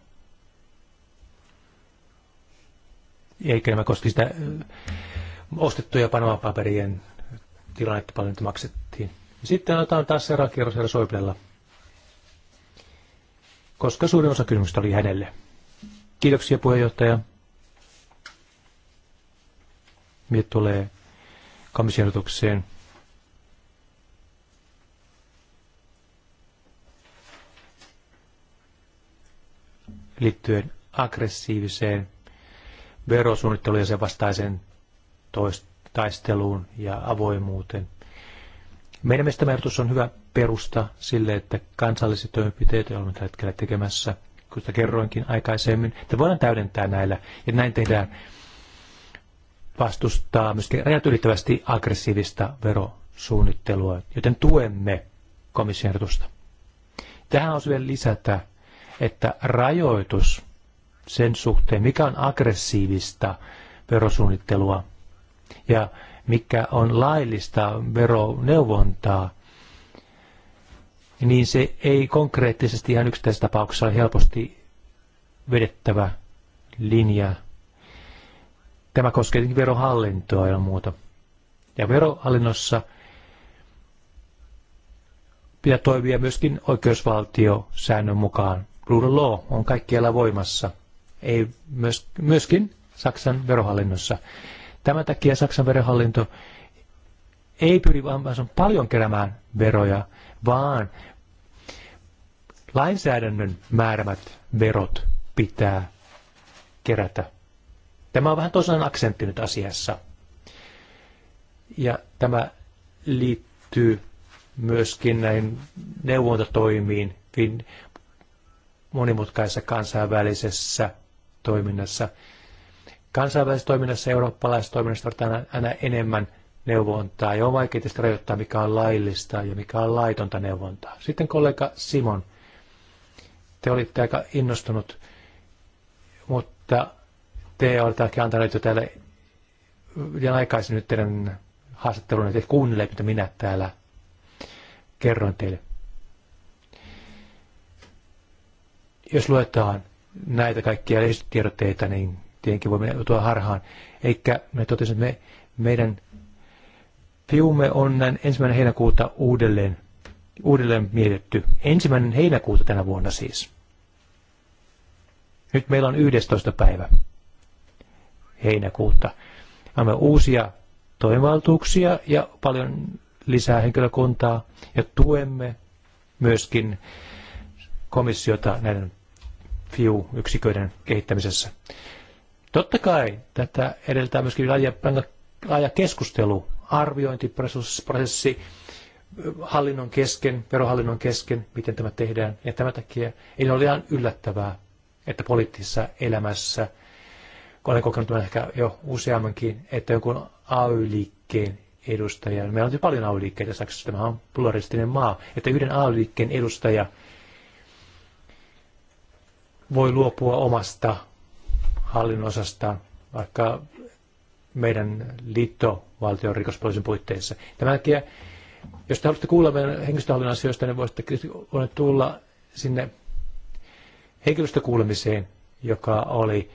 Eikä nämä koski sitä äh, ostettuja panoapaperien tilannetta paljon, maksettiin. Sitten otetaan taas seuraava kierros herra Soiblella koska suurin osa kysymystä oli hänelle. Kiitoksia puheenjohtaja. Mitä tulee komissiotukseen? liittyen aggressiiviseen verosuunnitteluun ja sen vastaiseen taisteluun ja avoimuuteen. Meidän mielestä tämä ehdotus on hyvä perusta sille, että kansalliset toimenpiteet, joita olemme tällä hetkellä tekemässä, sitä kerroinkin aikaisemmin, että voidaan täydentää näillä, ja näin tehdään vastustaa myöskin rajat ylittävästi aggressiivista verosuunnittelua, joten tuemme komission ehdotusta. Tähän on vielä lisätä, että rajoitus sen suhteen, mikä on aggressiivista verosuunnittelua ja mikä on laillista veroneuvontaa, niin se ei konkreettisesti ihan yksittäisessä tapauksessa ole helposti vedettävä linja. Tämä koskee verohallintoa ja muuta. Ja verohallinnossa pitää toimia myöskin oikeusvaltiosäännön mukaan. Rule law on kaikkialla voimassa, ei myöskin Saksan verohallinnossa. Tämän takia Saksan verohallinto ei pyri vaan paljon keräämään veroja, vaan lainsäädännön määrämät verot pitää kerätä. Tämä on vähän toisenlainen aksentti nyt asiassa. Ja tämä liittyy myöskin näihin neuvontatoimiin monimutkaisessa kansainvälisessä toiminnassa – kansainvälisessä toiminnassa ja eurooppalaisessa toiminnassa tarvitaan aina, enemmän neuvontaa ja on vaikea tietysti rajoittaa, mikä on laillista ja mikä on laitonta neuvontaa. Sitten kollega Simon, te olitte aika innostunut, mutta te olette antaneet jo täällä ja aikaisin nyt teidän haastattelunne, että kuunnelee, mitä minä täällä kerron teille. Jos luetaan näitä kaikkia lehdistötiedotteita, niin tietenkin voimme joutua harhaan. Eikä me totesimme, että me, meidän Fiume on näin ensimmäinen heinäkuuta uudelleen, uudelleen mietitty. Ensimmäinen heinäkuuta tänä vuonna siis. Nyt meillä on 11. päivä heinäkuuta. Annamme uusia toimivaltuuksia ja paljon lisää henkilökuntaa ja tuemme myöskin komissiota näiden FIU-yksiköiden kehittämisessä. Totta kai tätä edeltää myöskin laaja, laaja keskustelu, arviointiprosessi hallinnon kesken, verohallinnon kesken, miten tämä tehdään. Ja tämän takia ei ole ihan yllättävää, että poliittisessa elämässä, kun olen kokenut tämän ehkä jo useammankin, että joku AY-liikkeen edustaja, meillä on paljon AY-liikkeitä Saksassa, tämä on pluralistinen maa, että yhden AY-liikkeen edustaja voi luopua omasta osasta vaikka meidän liittovaltion rikospoliisin puitteissa. Tämän takia, jos te haluatte kuulla meidän henkilöstöhallinnon asioista, niin voisitte tulla sinne henkilöstökuulemiseen, joka oli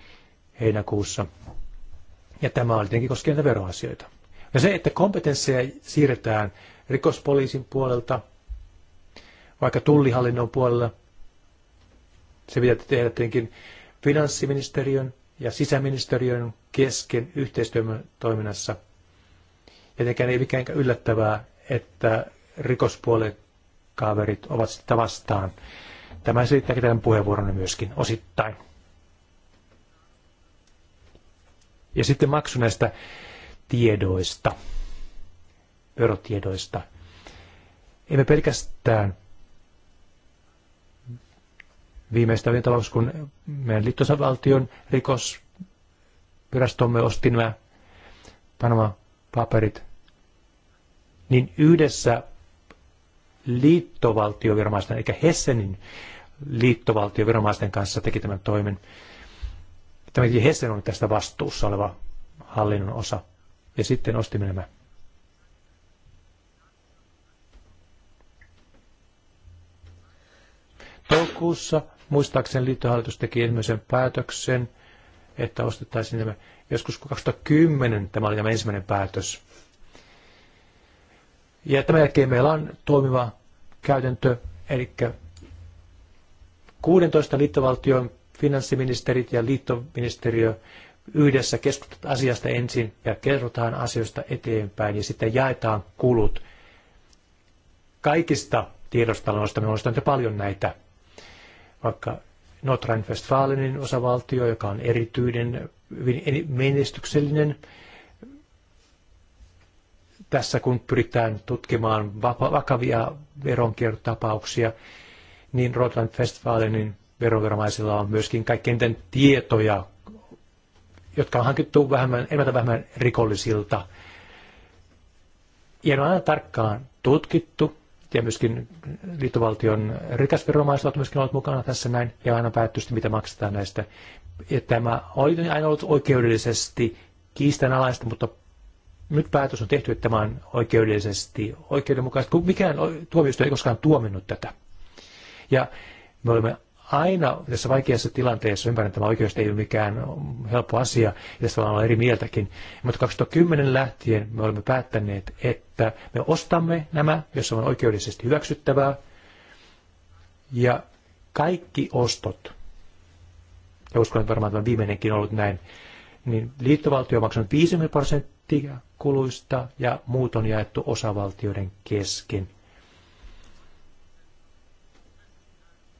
heinäkuussa. Ja tämä oli tietenkin koskien näitä veroasioita. Ja se, että kompetensseja siirretään rikospoliisin puolelta, vaikka tullihallinnon puolella, se pitää tehdä tietenkin finanssiministeriön ja sisäministeriön kesken yhteistyötoiminnassa. Jotenkään ei mikään yllättävää, että rikospuolen kaverit ovat sitä vastaan. Tämä selittää tämän puheenvuoronne myöskin osittain. Ja sitten maksu näistä tiedoista, verotiedoista. Emme pelkästään viimeistä talous, kun meidän liittosavaltion rikosvirastomme osti nämä Panama-paperit, niin yhdessä liittovaltioviranomaisten, eikä Hessenin liittovaltioviranomaisten kanssa teki tämän toimen. Tämä Hessen on tästä vastuussa oleva hallinnon osa. Ja sitten ostimme nämä toukokuussa Muistaakseni liittohallitus teki ensimmäisen päätöksen, että ostettaisiin tämä. Joskus 2010 tämä oli tämä ensimmäinen päätös. Ja tämän jälkeen meillä on toimiva käytäntö, eli 16 liittovaltion finanssiministerit ja liittoministeriö yhdessä keskustat asiasta ensin ja kerrotaan asioista eteenpäin ja sitten jaetaan kulut. Kaikista tiedostaloista. me on paljon näitä vaikka Nordrhein-Westfalenin osavaltio, joka on erityinen, hyvin menestyksellinen tässä, kun pyritään tutkimaan vakavia veronkiertotapauksia, niin Rotland-Westfalenin veroviranomaisilla on myöskin kaikkein tietoja, jotka on hankittu vähemmän, enemmän vähemmän rikollisilta. Ja ne on aina tarkkaan tutkittu ja myöskin liittovaltion rikasviranomaiset ovat myöskin olleet mukana tässä näin, ja aina päättyy mitä maksetaan näistä. Ja tämä oli aina ollut oikeudellisesti kiistanalaista, mutta nyt päätös on tehty, että tämä on oikeudellisesti oikeudenmukaista, kun mikään tuomioistuin ei koskaan tuominnut tätä. Ja me olemme aina tässä vaikeassa tilanteessa, ymmärrän, että tämä oikeus ei ole mikään helppo asia, ja tässä vaan olla eri mieltäkin, mutta 2010 lähtien me olemme päättäneet, että me ostamme nämä, jos on oikeudellisesti hyväksyttävää, ja kaikki ostot, ja uskon, että varmaan tämä viimeinenkin on ollut näin, niin liittovaltio on maksanut 50 prosenttia kuluista ja muut on jaettu osavaltioiden kesken.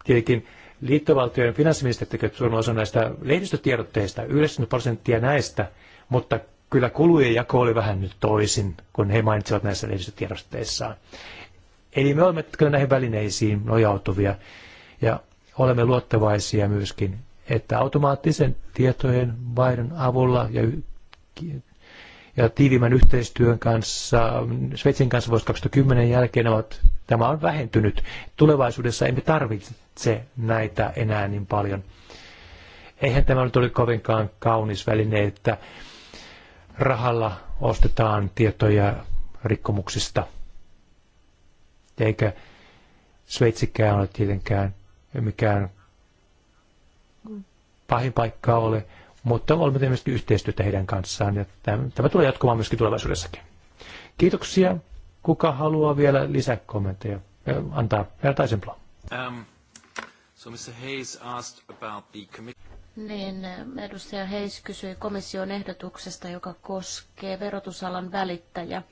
Tietenkin liittovaltion finanssiministeriöt tekevät suurin osa näistä lehdistötiedotteista, 90 prosenttia näistä, mutta kyllä kulujen jako oli vähän nyt toisin, kun he mainitsivat näissä lehdistötiedotteissaan. Eli me olemme kyllä näihin välineisiin nojautuvia ja olemme luottavaisia myöskin, että automaattisen tietojen vaihdon avulla ja, ja yhteistyön kanssa, Sveitsin kanssa vuosi 2010 jälkeen ovat Tämä on vähentynyt. Tulevaisuudessa emme tarvitse näitä enää niin paljon. Eihän tämä nyt ole kovinkaan kaunis väline, että rahalla ostetaan tietoja rikkomuksista. Eikä Sveitsikään ole tietenkään mikään pahin paikka ole, mutta olemme tehneet myöskin yhteistyötä heidän kanssaan ja tämä tulee jatkumaan myöskin tulevaisuudessakin. Kiitoksia Kuka haluaa vielä lisäkommentteja? Antaa vertaisempaa. Um, so Mr. Hayes asked about the Niin, edustaja Hayes kysyi komission ehdotuksesta, joka koskee verotusalan välittäjä.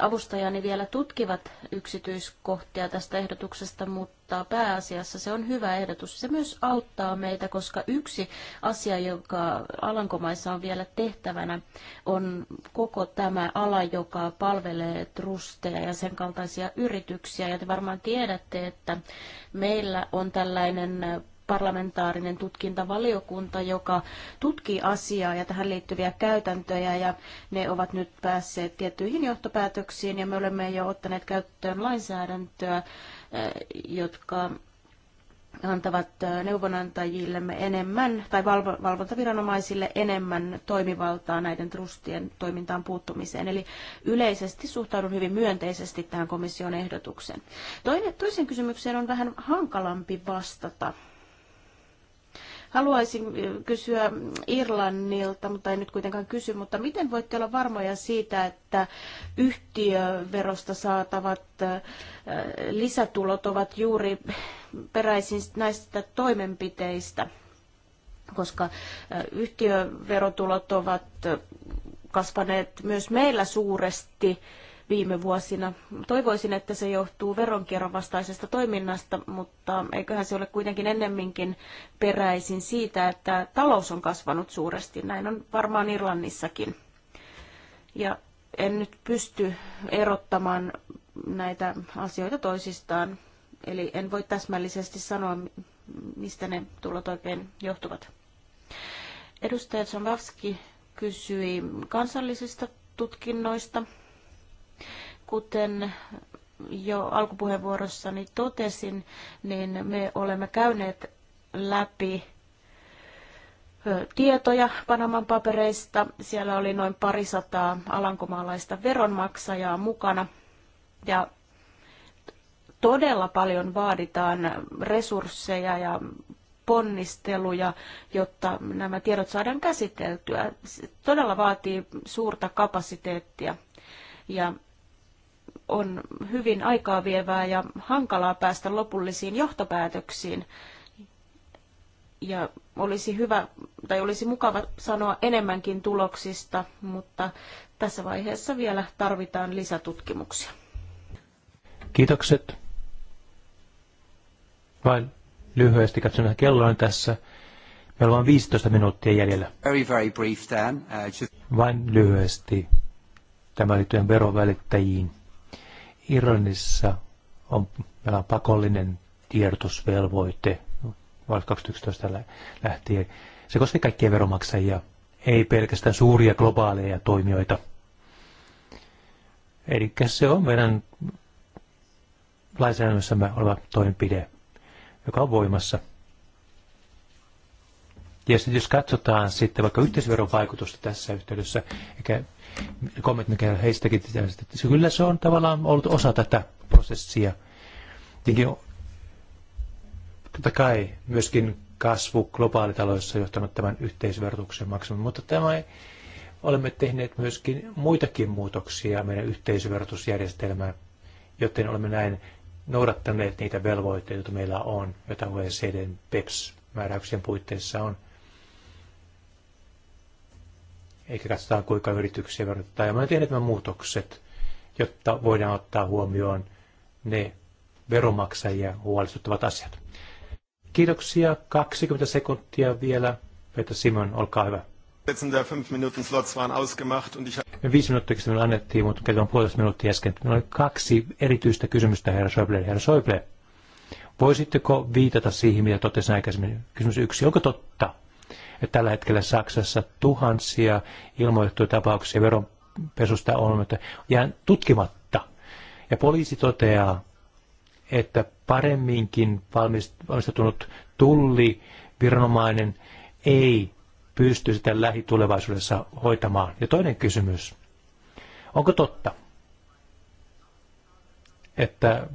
Avustajani vielä tutkivat yksityiskohtia tästä ehdotuksesta, mutta auttaa pääasiassa. Se on hyvä ehdotus. Se myös auttaa meitä, koska yksi asia, joka Alankomaissa on vielä tehtävänä, on koko tämä ala, joka palvelee trusteja ja sen kaltaisia yrityksiä. Ja te varmaan tiedätte, että meillä on tällainen parlamentaarinen tutkintavaliokunta, joka tutkii asiaa ja tähän liittyviä käytäntöjä ja ne ovat nyt päässeet tiettyihin johtopäätöksiin ja me olemme jo ottaneet käyttöön lainsäädäntöä Eh, jotka antavat eh, neuvonantajillemme enemmän tai valvontaviranomaisille enemmän toimivaltaa näiden trustien toimintaan puuttumiseen. Eli yleisesti suhtaudun hyvin myönteisesti tähän komission ehdotukseen. Toinen, toisen kysymykseen on vähän hankalampi vastata. Haluaisin äh, kysyä Irlannilta, mutta ei nyt kuitenkaan kysy, mutta miten voitte olla varmoja siitä, että yhtiöverosta saatavat äh, lisätulot ovat juuri peräisin näistä toimenpiteistä? koska äh, yhtiöverotulot ovat kasvaneet myös meillä suuresti viime vuosina. Toivoisin, että se johtuu veronkierron vastaisesta toiminnasta, mutta eiköhän se ole kuitenkin ennemminkin peräisin siitä, että talous on kasvanut suuresti. Näin on varmaan Irlannissakin. Ja en nyt pysty erottamaan näitä asioita toisistaan. Eli en voi täsmällisesti sanoa, mistä ne tulot oikein johtuvat. Edustaja Zombavski kysyi kansallisista tutkinnoista. Kuten jo alkupuheenvuorossani totesin, niin me olemme käyneet läpi tietoja Panaman papereista. Siellä oli noin parisataa alankomaalaista veronmaksajaa mukana. Ja todella paljon vaaditaan resursseja ja ponnisteluja, jotta nämä tiedot saadaan käsiteltyä. Se todella vaatii suurta kapasiteettia. Ja on hyvin aikaa vievää ja hankalaa päästä lopullisiin johtopäätöksiin. Ja olisi hyvä, tai olisi mukava sanoa enemmänkin tuloksista, mutta tässä vaiheessa vielä tarvitaan lisätutkimuksia. Kiitokset. Vain lyhyesti katson kelloin tässä. Meillä on 15 minuuttia jäljellä. Very, very brief, Dan. Uh, just... Vain lyhyesti. Tämä liittyen verovälittäjiin. Iranissa on, meillä äh, on pakollinen tiedotusvelvoite vuodesta 2011 lähtien. Se koskee kaikkia veromaksajia, ei pelkästään suuria globaaleja toimijoita. Eli se on meidän lainsäädännössämme oleva toimenpide, joka on voimassa. Ja sitten jos katsotaan sitten vaikka yhteisveron vaikutusta tässä yhteydessä, eikä kommentit, mikä heistäkin tästä. Kyllä se on tavallaan ollut osa tätä prosessia. Tietenkin totta kai myöskin kasvu globaalitaloissa johtanut tämän yhteisverotuksen maksamaan, mutta tämä ei, olemme tehneet myöskin muitakin muutoksia meidän yhteisverotusjärjestelmään, joten olemme näin noudattaneet niitä velvoitteita, joita meillä on, joita OECDn PEPS-määräyksien puitteissa on – eikä katsotaan kuinka yrityksiä verotetaan. Ja mä tiedän nämä muutokset, jotta voidaan ottaa huomioon ne veromaksajia huolestuttavat asiat. Kiitoksia. 20 sekuntia vielä. Peter Simon, olkaa hyvä. Viisi minuuttia minulle annettiin, mutta käytetään puolitoista minuuttia äsken. Minulla oli kaksi erityistä kysymystä, herra Schäuble. Herra Schäuble, voisitteko viitata siihen, mitä totesin aikaisemmin? Kysymys yksi. Onko totta, tällä hetkellä Saksassa tuhansia ilmoitettuja tapauksia veronpesusta on, mutta jään tutkimatta. Ja poliisi toteaa, että paremminkin valmistautunut viranomainen ei pysty sitä lähitulevaisuudessa hoitamaan. Ja toinen kysymys. Onko totta, että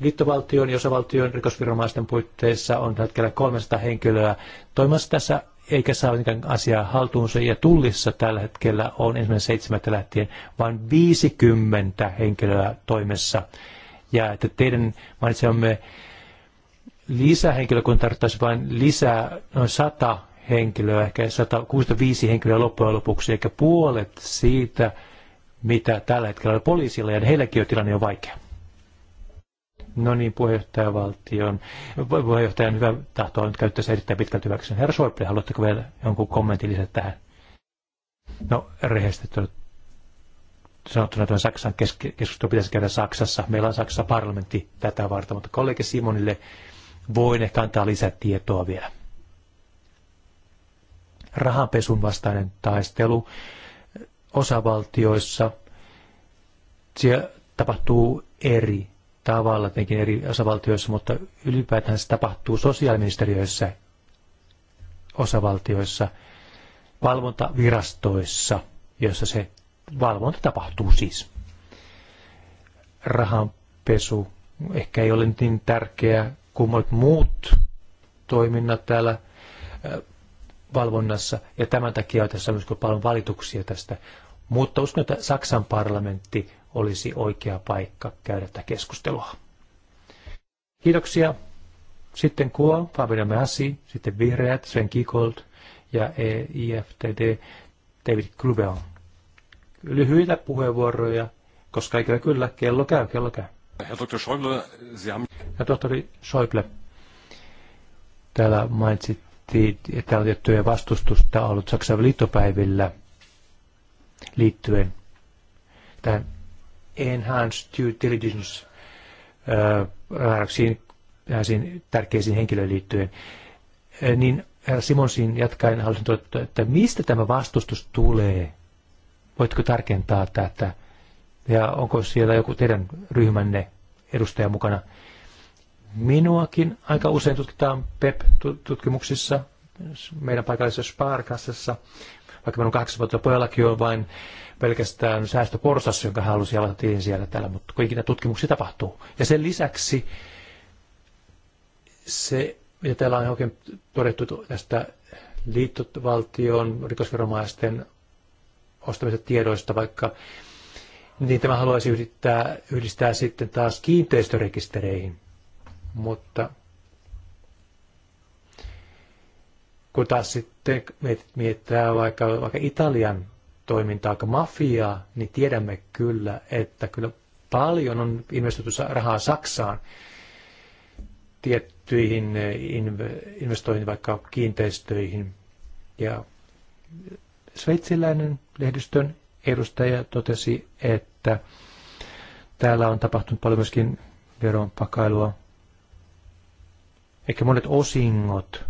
liittovaltion ja osavaltion rikosviranomaisten puitteissa on tällä hetkellä 300 henkilöä toimimassa tässä, eikä saa mitenkään asiaa haltuunsa. Ja tullissa tällä hetkellä on ensimmäinen seitsemättä lähtien vain 50 henkilöä toimessa. Ja että teidän mainitsemamme lisähenkilökunta tarvittaisi vain lisää noin 100 henkilöä, ehkä 165 henkilöä loppujen lopuksi, eikä puolet siitä, mitä tällä hetkellä on poliisilla, ja heilläkin on tilanne jo vaikea. No niin, puheenjohtajavaltion, puheenjohtajan hyvä tahto on nyt käyttäisi erittäin pitkälti hyväksi. Herra Soipli, haluatteko vielä jonkun kommentin lisätä tähän? No, rehellisesti sanottuna tuon Saksan keskustelu pitäisi käydä Saksassa. Meillä on Saksassa parlamentti tätä varten, mutta kollega Simonille voin ehkä antaa lisätietoa vielä. Rahanpesun vastainen taistelu osavaltioissa. Siellä tapahtuu eri tavalla tietenkin eri osavaltioissa, mutta ylipäätään se tapahtuu sosiaaliministeriöissä, osavaltioissa, valvontavirastoissa, joissa se valvonta tapahtuu siis. Rahanpesu ehkä ei ole niin tärkeä kuin muut toiminnat täällä valvonnassa, ja tämän takia on tässä myös paljon valituksia tästä. Mutta uskon, että Saksan parlamentti olisi oikea paikka käydä tätä keskustelua. Kiitoksia. Sitten Kuo, Fabio Masi, sitten Vihreät, Sven Kikold ja EIFTD David Grubeon. Lyhyitä puheenvuoroja, koska ikävä kyllä, kello käy, kello käy. Herr Dr. Schäuble, Sie haben... Herr tohtori Schäuble, täällä mainitsittiin, että täällä on tiettyjä vastustusta ollut Saksan liittopäivillä liittyen tähän enhanced due diligence äh, määräyksiin tärkeisiin henkilöön liittyen, äh, niin herra Simonsin jatkaen haluaisin todeta, että mistä tämä vastustus tulee? Voitko tarkentaa tätä? Ja onko siellä joku teidän ryhmänne edustaja mukana? Minuakin aika usein tutkitaan PEP-tutkimuksissa, meidän paikallisessa Sparkassassa, vaikka minun vuotta pojallakin on vain pelkästään säästöporsas, jonka halusi avata tiin siellä täällä, mutta kuitenkin tutkimuksia tapahtuu. Ja sen lisäksi se, mitä täällä on oikein todettu tästä liittovaltion rikosviranomaisten ostamista tiedoista, vaikka niin tämä haluaisi yhdistää, yhdistää sitten taas kiinteistörekistereihin. Mutta Kun taas sitten mietitään vaikka, vaikka Italian toimintaa, mafiaa, niin tiedämme kyllä, että kyllä paljon on investoitu rahaa Saksaan tiettyihin eh, investointiin, vaikka kiinteistöihin. Ja sveitsiläinen lehdistön edustaja totesi, että täällä on tapahtunut paljon myöskin veronpakailua. Ehkä monet osingot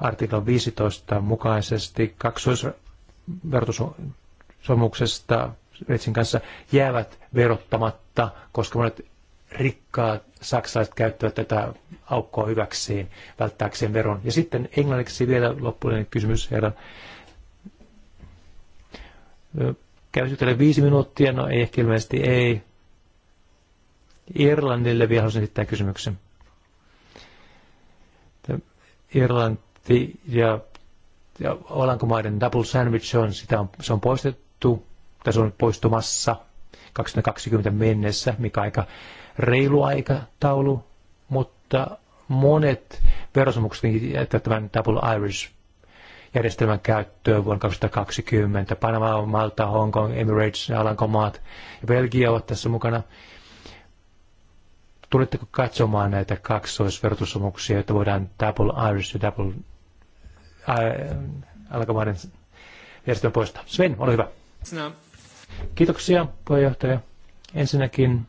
artiklan 15 mukaisesti kaksoisverotussopimuksesta Sveitsin kanssa jäävät verottamatta, koska monet rikkaat saksalaiset käyttävät tätä aukkoa hyväkseen välttääkseen veron. Ja sitten englanniksi vielä loppuinen kysymys, herra. Kävisikö teille viisi minuuttia? No ei ehkä ilmeisesti ei. Irlannille vielä haluaisin esittää kysymyksen. Irlanti ja, ja Olankomaiden double sandwich on, sitä on, se on poistettu, tai se on poistumassa 2020 mennessä, mikä aika reilu aikataulu, mutta monet verosomukset jättävät tämän double Irish järjestelmän käyttöön vuonna 2020. Panama, Malta, Hong Kong, Emirates, Alankomaat ja Belgia ovat tässä mukana. Tulitteko katsomaan näitä kaksoisverotussomuksia, että voidaan double Irish ja double alkamaiden järjestelmän poistaa. Sven, ole hyvä. No. Kiitoksia, puheenjohtaja. Ensinnäkin,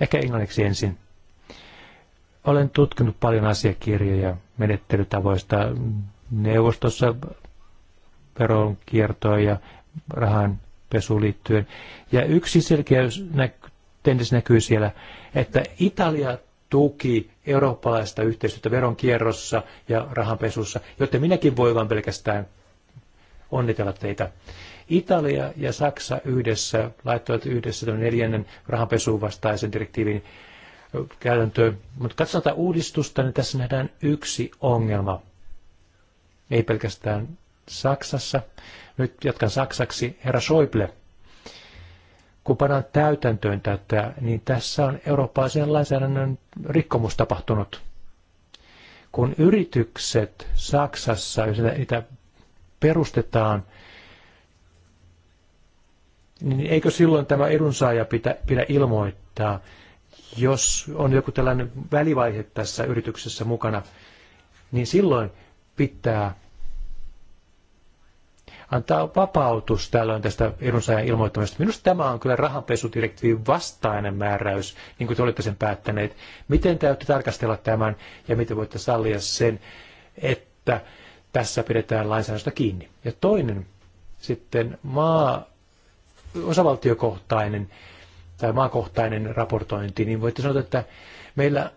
ehkä englanniksi ensin. Olen tutkinut paljon asiakirjoja menettelytavoista neuvostossa veronkiertoon ja rahan pesuun liittyen. Ja yksi selkeä tendenssi näkyy siellä, että Italia tuki eurooppalaista yhteistyötä veronkierrossa ja rahanpesussa, jotta minäkin voi vain pelkästään onnitella teitä. Italia ja Saksa yhdessä laittoivat yhdessä tämän neljännen rahanpesuun vastaisen direktiivin käytäntöön. Mutta katsotaan tätä uudistusta, niin tässä nähdään yksi ongelma. Ei pelkästään Saksassa. Nyt jatkan saksaksi. Herra Schäuble kun pannaan täytäntöön tätä, niin tässä on eurooppalaisen lainsäädännön rikkomus tapahtunut. Kun yritykset Saksassa, jos niitä perustetaan, niin eikö silloin tämä edunsaaja pitä, pidä ilmoittaa, jos on joku tällainen välivaihe tässä yrityksessä mukana, niin silloin pitää antaa vapautus tällöin tästä edunsaajan ilmoittamisesta. Minusta tämä on kyllä rahanpesudirektiivin vastainen määräys, niin kuin te olette sen päättäneet. Miten täytyy tarkastella tämän ja miten voitte sallia sen, että tässä pidetään lainsäädännöstä kiinni. Ja toinen sitten maa, osavaltiokohtainen tai maakohtainen raportointi, niin voitte sanoa, että meillä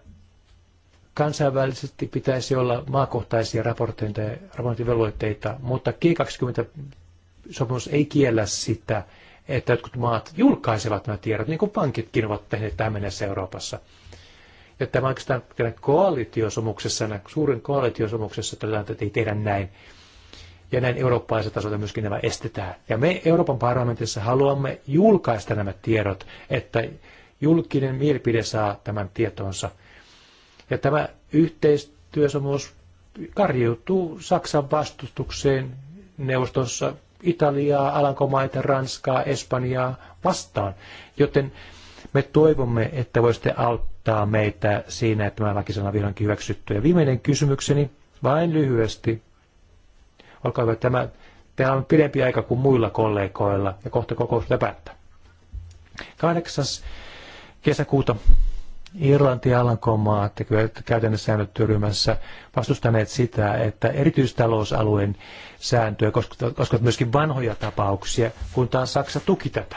kansainvälisesti pitäisi olla maakohtaisia raportointivelvoitteita, mutta G20-sopimus ei kiellä sitä, että jotkut maat julkaisevat nämä tiedot, niin kuin pankitkin ovat tehneet tähän mennessä Euroopassa. Ja tämä oikeastaan koalitiosomuksessa, suuren koalitiosomuksessa todetaan, että ei tehdä näin. Ja näin eurooppalaisella tasolta myöskin nämä estetään. Ja me Euroopan parlamentissa haluamme julkaista nämä tiedot, että julkinen mielipide saa tämän tietonsa – ja tämä yhteistyösomus karjuutuu Saksan vastustukseen neuvostossa Italiaa, Alankomaita, Ranskaa, Espanjaa vastaan. Joten me toivomme, että voisitte auttaa meitä siinä, että tämä laki on vihdoinkin hyväksyttyä. Ja viimeinen kysymykseni, vain lyhyesti. Olkaa hyvä, tämä, tämä on pidempi aika kuin muilla kollegoilla ja kohta kokous läpäättää. 8. kesäkuuta Irlanti ja Alankomaat käytännössä säännötyöryhmässä vastustaneet sitä, että erityistalousalueen sääntöjä koskevat myöskin vanhoja tapauksia, kun taas Saksa tuki tätä.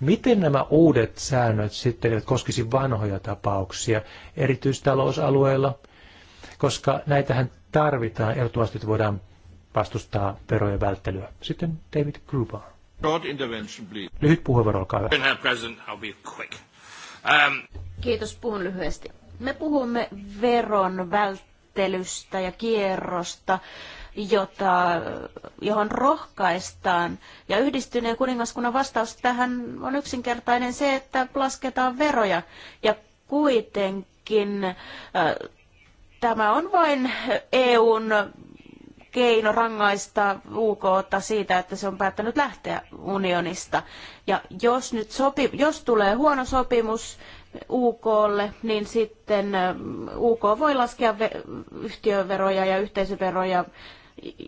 Miten nämä uudet säännöt sitten eivät koskisi vanhoja tapauksia erityistalousalueilla, koska näitähän tarvitaan ehdottomasti, että voidaan vastustaa verojen välttelyä. Sitten David Gruber. Lyhyt puheenvuoro, olkaa hyvä. Ähm. Kiitos, puhun lyhyesti. Me puhumme veron välttelystä ja kierrosta, jota, johon rohkaistaan. Ja yhdistyneen kuningaskunnan vastaus tähän on yksinkertainen se, että lasketaan veroja. Ja kuitenkin äh, tämä on vain EUn keino rangaista UK siitä, että se on päättänyt lähteä unionista. Ja jos nyt sopi, jos tulee huono sopimus UKlle, niin sitten UK voi laskea yhtiöveroja ja yhteisöveroja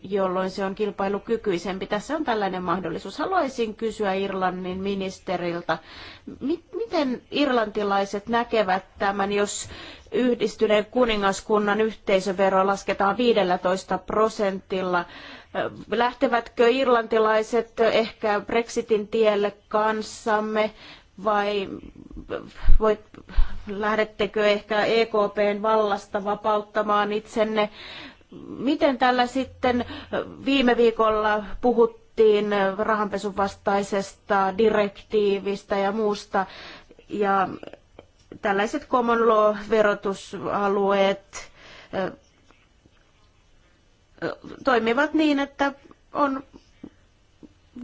jolloin se on kilpailukykyisempi. Tässä on tällainen mahdollisuus. Haluaisin kysyä Irlannin ministeriltä, miten irlantilaiset näkevät tämän, jos yhdistyneen kuningaskunnan yhteisövero lasketaan 15 prosentilla. Lähtevätkö irlantilaiset ehkä Brexitin tielle kanssamme vai voit, lähdettekö ehkä EKPn vallasta vapauttamaan itsenne? Miten tällä sitten viime viikolla puhuttiin rahanpesun vastaisesta direktiivistä ja muusta ja tällaiset common law-verotusalueet toimivat niin, että on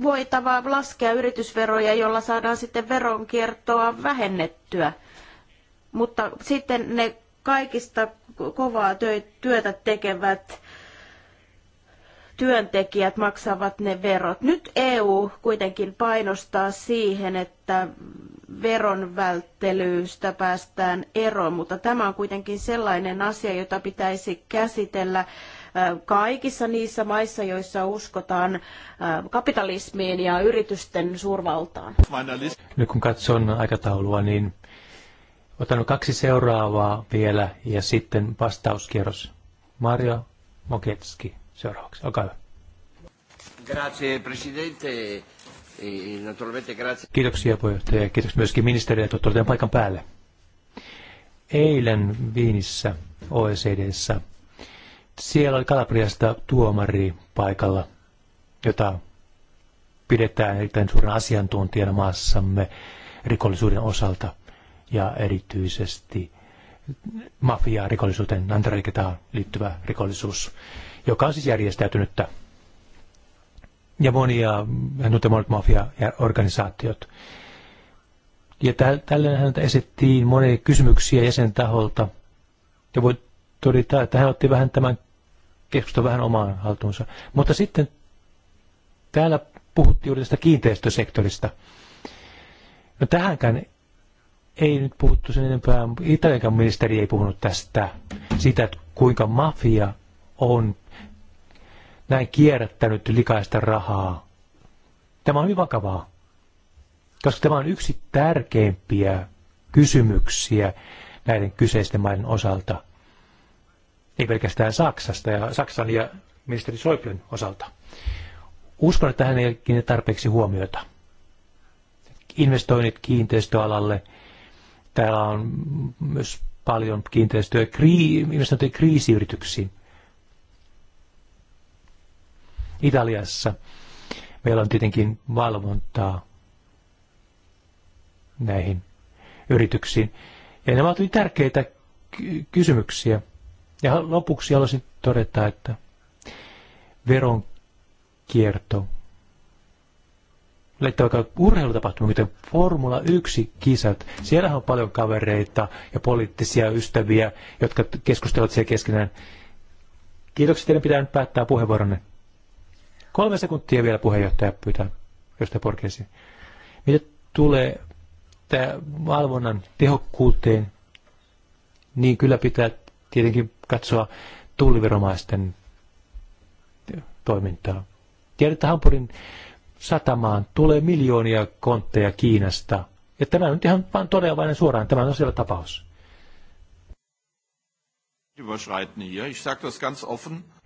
voitava laskea yritysveroja, jolla saadaan sitten veronkiertoa vähennettyä. Mutta sitten ne kaikista kovaa työtä tekevät työntekijät maksavat ne verot. Nyt EU kuitenkin painostaa siihen, että veronvälttelystä päästään eroon, mutta tämä on kuitenkin sellainen asia, jota pitäisi käsitellä äh, kaikissa niissä maissa, joissa uskotaan äh, kapitalismiin ja yritysten suurvaltaan. Nyt kun katson aikataulua, niin otan kaksi seuraavaa vielä ja sitten vastauskierros. Mario Moketski seuraavaksi, olkaa hyvä. Grazie, presidente. Kiitoksia puheenjohtaja ja kiitoksia myöskin ministeriä että olette paikan päälle. Eilen Viinissä OECDssä siellä oli Kalabriasta tuomari paikalla, jota pidetään erittäin suuren asiantuntijana maassamme rikollisuuden osalta ja erityisesti mafiarikollisuuteen, nantariketaan liittyvä rikollisuus, joka on siis järjestäytynyttä ja monia nutemort mafia-organisaatiot. Ja tällöin häntä esittiin monia kysymyksiä jäsen taholta. Ja voi todeta, että hän otti vähän tämän keskustelun vähän omaan haltuunsa. Mutta sitten täällä puhuttiin juuri tästä kiinteistösektorista. No tähänkään ei nyt puhuttu sen enempää. Italiankaan ministeri ei puhunut tästä, sitä, että kuinka mafia on näin kierrättänyt likaista rahaa. Tämä on hyvin vakavaa, koska tämä on yksi tärkeimpiä kysymyksiä näiden kyseisten maiden osalta. Ei pelkästään Saksasta ja Saksan ja ministeri Soiblin osalta. Uskon, että hän ei tarpeeksi huomiota. Investoinnit kiinteistöalalle. Täällä on myös paljon kiinteistöjä, investointeja kriisiyrityksiin. Italiassa. Meillä on tietenkin valvontaa näihin yrityksiin. Ja nämä ovat hyvin tärkeitä kysymyksiä. Ja lopuksi haluaisin todeta, että veronkierto, Laitte vaikka urheilutapahtuma, kuten Formula 1-kisat. Siellä on paljon kavereita ja poliittisia ystäviä, jotka keskustelevat siellä keskenään. Kiitoksia, teidän pitää nyt päättää puheenvuoronne. Kolme sekuntia vielä puheenjohtaja pyytää, jos te porkesi. Mitä tulee tämä valvonnan tehokkuuteen, niin kyllä pitää tietenkin katsoa tulliveromaisten toimintaa. Tiedät, että Hampurin satamaan tulee miljoonia kontteja Kiinasta. Ja tämä on nyt ihan vain todella suoraan, tämä on siellä tapaus.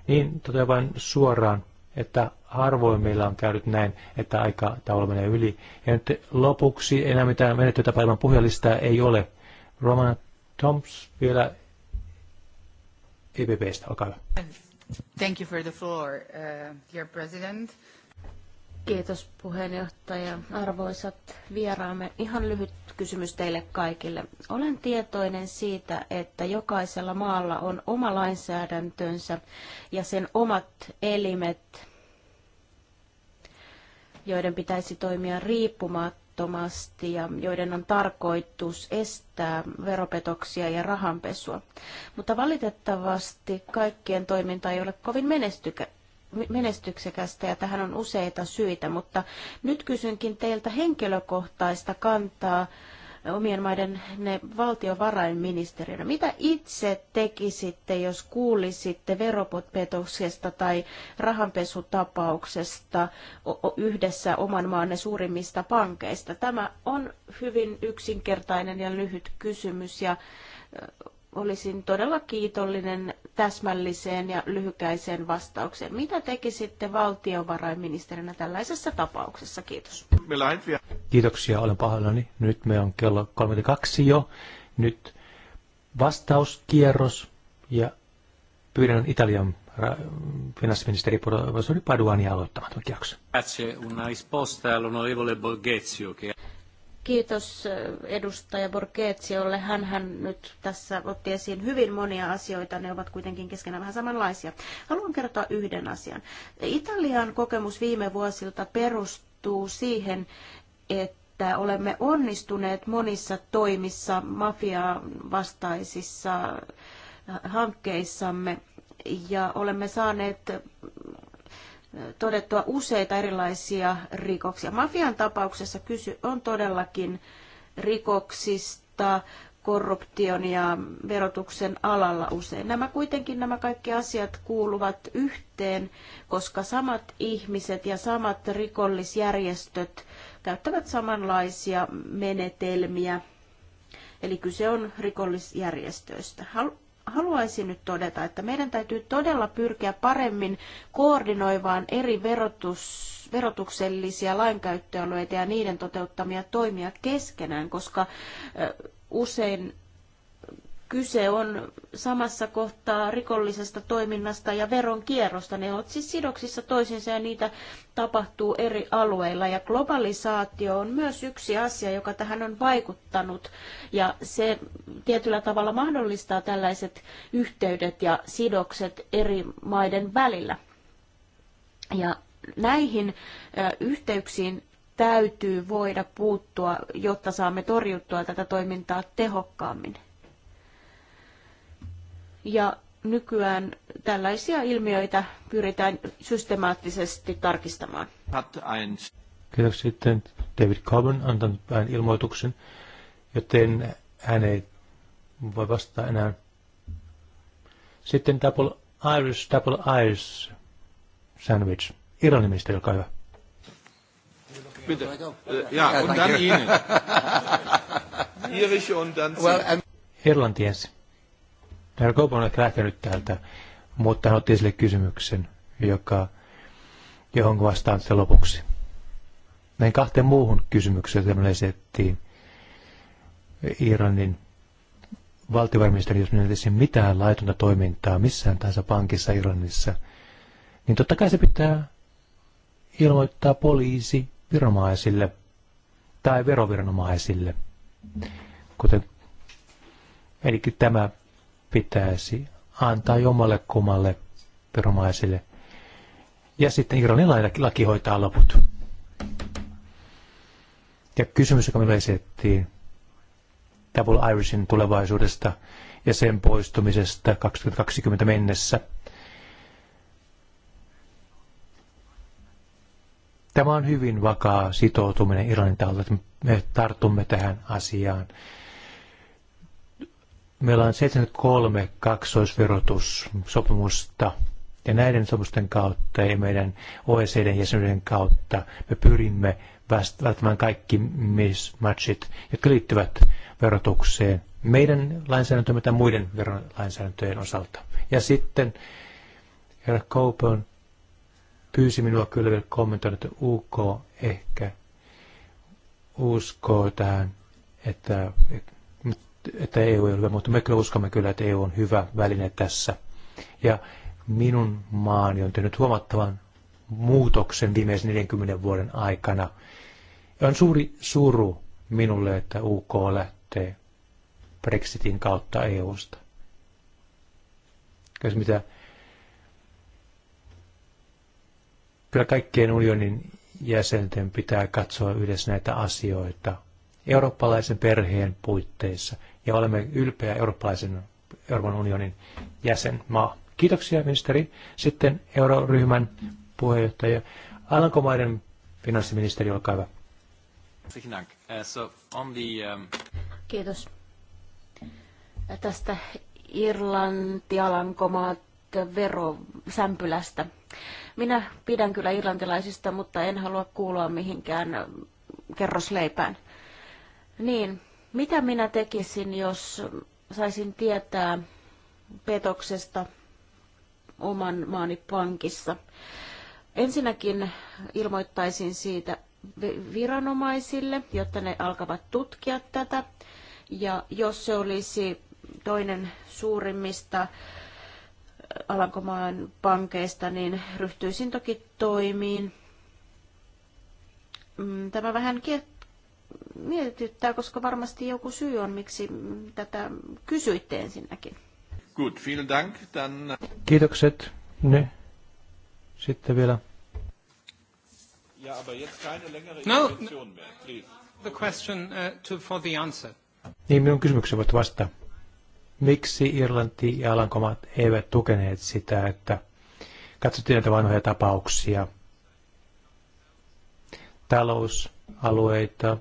Niin, totean vain suoraan, että harvoin meillä on käynyt näin, että aika tavalla menee yli. Ja nyt lopuksi enää mitään menettelytapaa päivän puhelista ei ole. Roman Toms vielä EPPstä, olkaa hyvä. Thank you for the floor, uh, dear president. Kiitos puheenjohtaja. Arvoisat vieraamme, ihan lyhyt kysymys teille kaikille. Olen tietoinen siitä, että jokaisella maalla on oma lainsäädäntönsä ja sen omat elimet, joiden pitäisi toimia riippumattomasti ja joiden on tarkoitus estää veropetoksia ja rahanpesua. Mutta valitettavasti kaikkien toiminta ei ole kovin menestykä, menestyksekästä ja tähän on useita syitä, mutta nyt kysynkin teiltä henkilökohtaista kantaa omien maiden ne valtiovarainministeriönä. Mitä itse tekisitte, jos kuulisitte veropetoksesta tai rahanpesutapauksesta yhdessä oman maanne suurimmista pankeista? Tämä on hyvin yksinkertainen ja lyhyt kysymys ja olisin todella kiitollinen täsmälliseen ja lyhykäiseen vastaukseen. Mitä tekisitte valtiovarainministerinä tällaisessa tapauksessa? Kiitos. Kiitoksia, olen pahoillani. Nyt me on kello 32 jo. Nyt vastauskierros ja pyydän Italian finanssiministeri professori Paduani aloittamaan tuon kierroksen. Kiitos eh, edustaja Borgetsiolle. hän nyt tässä otti esiin hyvin monia asioita. Ne ovat kuitenkin keskenään vähän samanlaisia. Haluan kertoa yhden asian. Italian kokemus viime vuosilta perustuu siihen, että olemme onnistuneet monissa toimissa mafian vastaisissa hankkeissamme ja olemme saaneet todettua useita erilaisia rikoksia. Mafian tapauksessa kysy on todellakin rikoksista, korruption ja verotuksen alalla usein. Nämä kuitenkin nämä kaikki asiat kuuluvat yhteen, koska samat ihmiset ja samat rikollisjärjestöt käyttävät samanlaisia menetelmiä. Eli kyse on rikollisjärjestöistä haluaisin nyt todeta, että meidän täytyy todella pyrkiä paremmin koordinoivaan eri verotus, verotuksellisia lainkäyttöalueita ja niiden toteuttamia toimia keskenään, koska usein kyse on samassa kohtaa rikollisesta toiminnasta ja veronkierrosta. Ne ovat siis sidoksissa toisiinsa ja niitä tapahtuu eri alueilla. Ja globalisaatio on myös yksi asia, joka tähän on vaikuttanut. Ja se tietyllä tavalla mahdollistaa tällaiset yhteydet ja sidokset eri maiden välillä. Ja näihin yhteyksiin täytyy voida puuttua, jotta saamme torjuttua tätä toimintaa tehokkaammin. Ja nykyään tällaisia ilmiöitä pyritään systemaattisesti tarkistamaan. Kiitos sitten David Coburn antanut vähän ilmoituksen, joten hän ei voi vastata enää. Sitten Double Irish, Double Irish Sandwich. Irlannin ministeri, olkaa hyvä. Bitte. Äh, ja, [LAUGHS] und dann Ihnen. Irisch und dann Irlanti ensin. Täällä Kaupan on lähtenyt täältä, mutta hän otti esille kysymyksen, joka, johon vastaan sitten lopuksi. Näin kahteen muuhun kysymykseen, joita me Iranin Irlannin valtiovarainministeri, jos minä etsin mitään laitonta toimintaa missään tahansa pankissa Iranissa. niin totta kai se pitää ilmoittaa poliisi viranomaisille tai veroviranomaisille. Kuten, eli tämä pitäisi antaa jommalle kummalle veromaiselle. Ja sitten Irlannin laki hoitaa loput. Ja kysymys, joka meille esitettiin Double Irishin tulevaisuudesta ja sen poistumisesta 2020 mennessä. Tämä on hyvin vakaa sitoutuminen Irlannin taholta, että me tartumme tähän asiaan Meillä on 73 kaksoisverotussopimusta ja näiden sopimusten kautta ja meidän OECDn jäsenyyden kautta me pyrimme välttämään kaikki mismatchit, jotka liittyvät verotukseen meidän lainsäädäntömme tai muiden verolainsäädäntöjen osalta. Ja sitten herra Copen pyysi minua kyllä vielä kommentoida, että UK ehkä uskoo tähän, että että EU ei ole hyvä, mutta me kyllä uskomme kyllä, että EU on hyvä väline tässä. Ja minun maani on tehnyt huomattavan muutoksen viimeisen 40 vuoden aikana. Ja on suuri suru minulle, että UK lähtee Brexitin kautta EUsta. Kyllä, mitä kyllä kaikkien unionin jäsenten pitää katsoa yhdessä näitä asioita eurooppalaisen perheen puitteissa ja olemme ylpeä eurooppalaisen Euroopan unionin jäsenmaa. Kiitoksia ministeri. Sitten euroryhmän puheenjohtaja Alankomaiden finanssiministeri, olkaa hyvä. Kiitos. Tästä Irlanti, Alankomaat, verosämpylästä. Minä pidän kyllä irlantilaisista, mutta en halua kuulua mihinkään kerrosleipään. Niin, mitä minä tekisin, jos saisin tietää petoksesta oman maani pankissa? Ensinnäkin ilmoittaisin siitä viranomaisille, jotta ne alkavat tutkia tätä. Ja jos se olisi toinen suurimmista äh, Alankomaan pankeista, niin ryhtyisin toki toimiin. Mm, tämä vähän mietityttää, koska varmasti joku syy on, miksi tätä kysyitte ensinnäkin. Good, vielen dank. Dann... Äh, Kiitokset. Ne. Sitten vielä. Ja, aber jetzt keine längere no, mehr, please. The question uh, to, for the answer. Niin, minun kysymykseni voit vastata. Miksi Irlanti ja Alankomaat eivät tukeneet sitä, että katsottiin näitä vanhoja tapauksia, talousalueita,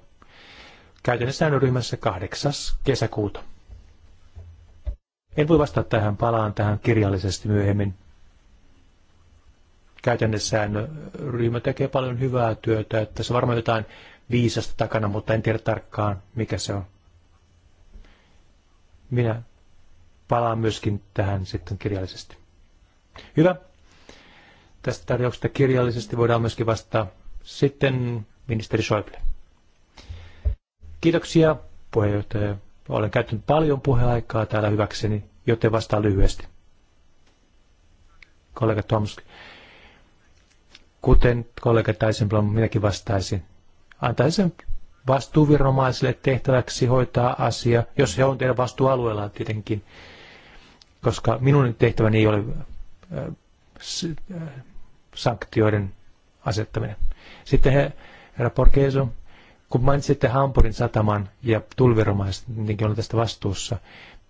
käytännössä ryhmässä 8. kesäkuuta. En voi vastata tähän, palaan tähän kirjallisesti myöhemmin. Käytännössä ryhmä tekee paljon hyvää työtä, että se on varmaan jotain viisasta takana, mutta en tiedä tarkkaan, mikä se on. Minä palaan myöskin tähän sitten kirjallisesti. Hyvä. Tästä tarjouksesta kirjallisesti voidaan myöskin vastata sitten ministeri Schäuble. Kiitoksia puheenjohtaja. Olen käyttänyt paljon puheaikaa täällä hyväkseni, joten vastaan lyhyesti. Kollega Tomski. Kuten kollega Taisenblom, minäkin vastaisin. Antaisin sen vastuuviranomaisille tehtäväksi hoitaa asia, jos he on teidän vastuualueellaan tietenkin, koska minun tehtäväni ei ole sanktioiden asettaminen. Sitten he, herra Porkeso, kun mainitsitte Hampurin sataman ja tulviromaiset, niinkin on tästä vastuussa,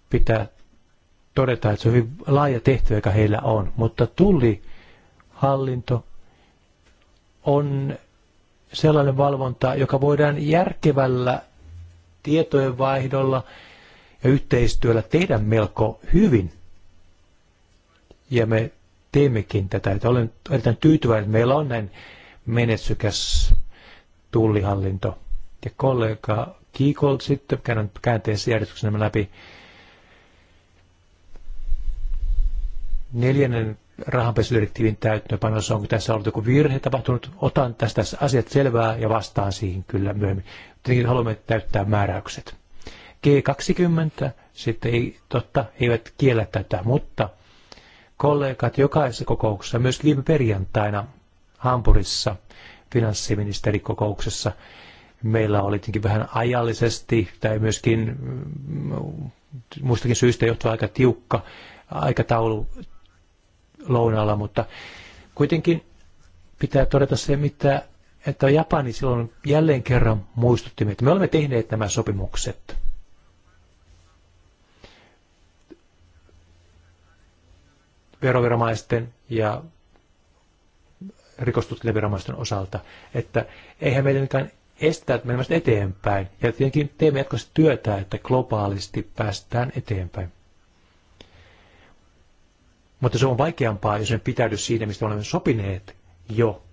pitää todeta, että se on hyvin laaja tehtävä, joka heillä on. Mutta tullihallinto on sellainen valvonta, joka voidaan järkevällä vaihdolla ja yhteistyöllä tehdä melko hyvin. Ja me teemmekin tätä. Että olen erittäin tyytyväinen, että meillä on näin menetsykäs tullihallinto ja kollega Kiikol, sitten, käydään käänteessä järjestyksen nämä läpi. Neljännen rahanpesudirektiivin täyttöönpanossa, onko tässä ollut joku virhe tapahtunut, otan tästä asiat selvää ja vastaan siihen kyllä myöhemmin. Tietenkin haluamme täyttää määräykset. G20 sitten ei, totta, eivät kiellä tätä, mutta kollegat jokaisessa kokouksessa, myös viime perjantaina Hampurissa finanssiministerikokouksessa, meillä oli tietenkin vähän ajallisesti tai myöskin mm, muistakin syistä johtuva aika tiukka aikataulu lounalla, mutta kuitenkin pitää todeta se, mitä, että Japani silloin jälleen kerran muistutti että me olemme tehneet nämä sopimukset. veroviranomaisten ja rikostutkintaviranomaisten osalta, että eihän meidän estävät menemästä eteenpäin. Ja tietenkin teemme jatkossa työtä, että globaalisti päästään eteenpäin. Mutta se on vaikeampaa, jos me pitäydy siinä, mistä olemme sopineet jo.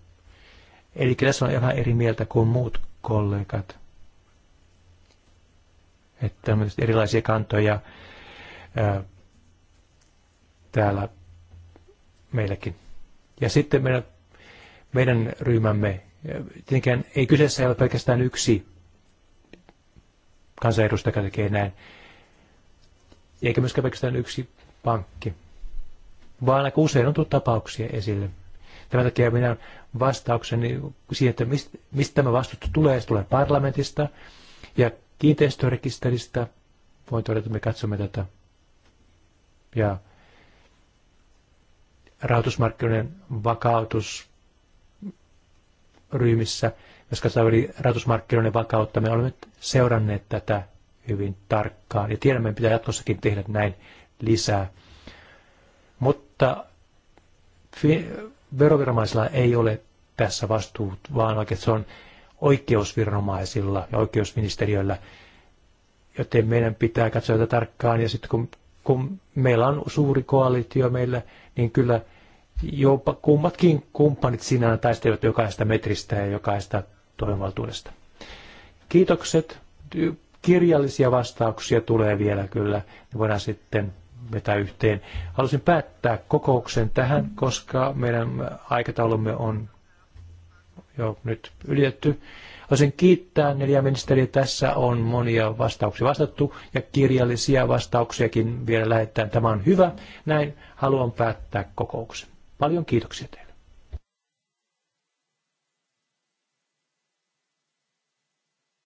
Eli tässä on ihan eri mieltä kuin muut kollegat. Että on erilaisia kantoja ää, täällä meilläkin. Ja sitten meidän, meidän ryhmämme Tietenkään ei kyseessä ole pelkästään yksi kansanedustaja, joka tekee näin, eikä myöskään pelkästään yksi pankki, vaan aika usein on tullut tapauksia esille. Tämän takia minä vastaukseni siihen, että mistä, mistä tämä vastustus tulee, se tulee parlamentista ja kiinteistörekisteristä. Voin todeta, että me katsomme tätä. Ja rahoitusmarkkinoiden vakautus ryhmissä, koska se oli rahoitusmarkkinoiden vakautta, me olemme seuranneet tätä hyvin tarkkaan ja tiedämme, pitää jatkossakin tehdä näin lisää. Mutta veroviranomaisilla ei ole tässä vastuut, vaan oikein se on oikeusviranomaisilla ja oikeusministeriöllä, joten meidän pitää katsoa tätä tarkkaan ja sitten kun, kun meillä on suuri koalitio meillä, niin kyllä – jopa kummatkin kumppanit sinään taistelivat jokaista metristä ja jokaista toimivaltuudesta. Kiitokset. Kirjallisia vastauksia tulee vielä kyllä. Ne voidaan sitten vetää yhteen. Halusin päättää kokouksen tähän, koska meidän aikataulumme on jo nyt ylitetty. Haluaisin kiittää neljä ministeriä. Tässä on monia vastauksia vastattu ja kirjallisia vastauksiakin vielä lähettää. Tämä on hyvä. Näin haluan päättää kokouksen. Paljon kiitoksia teille.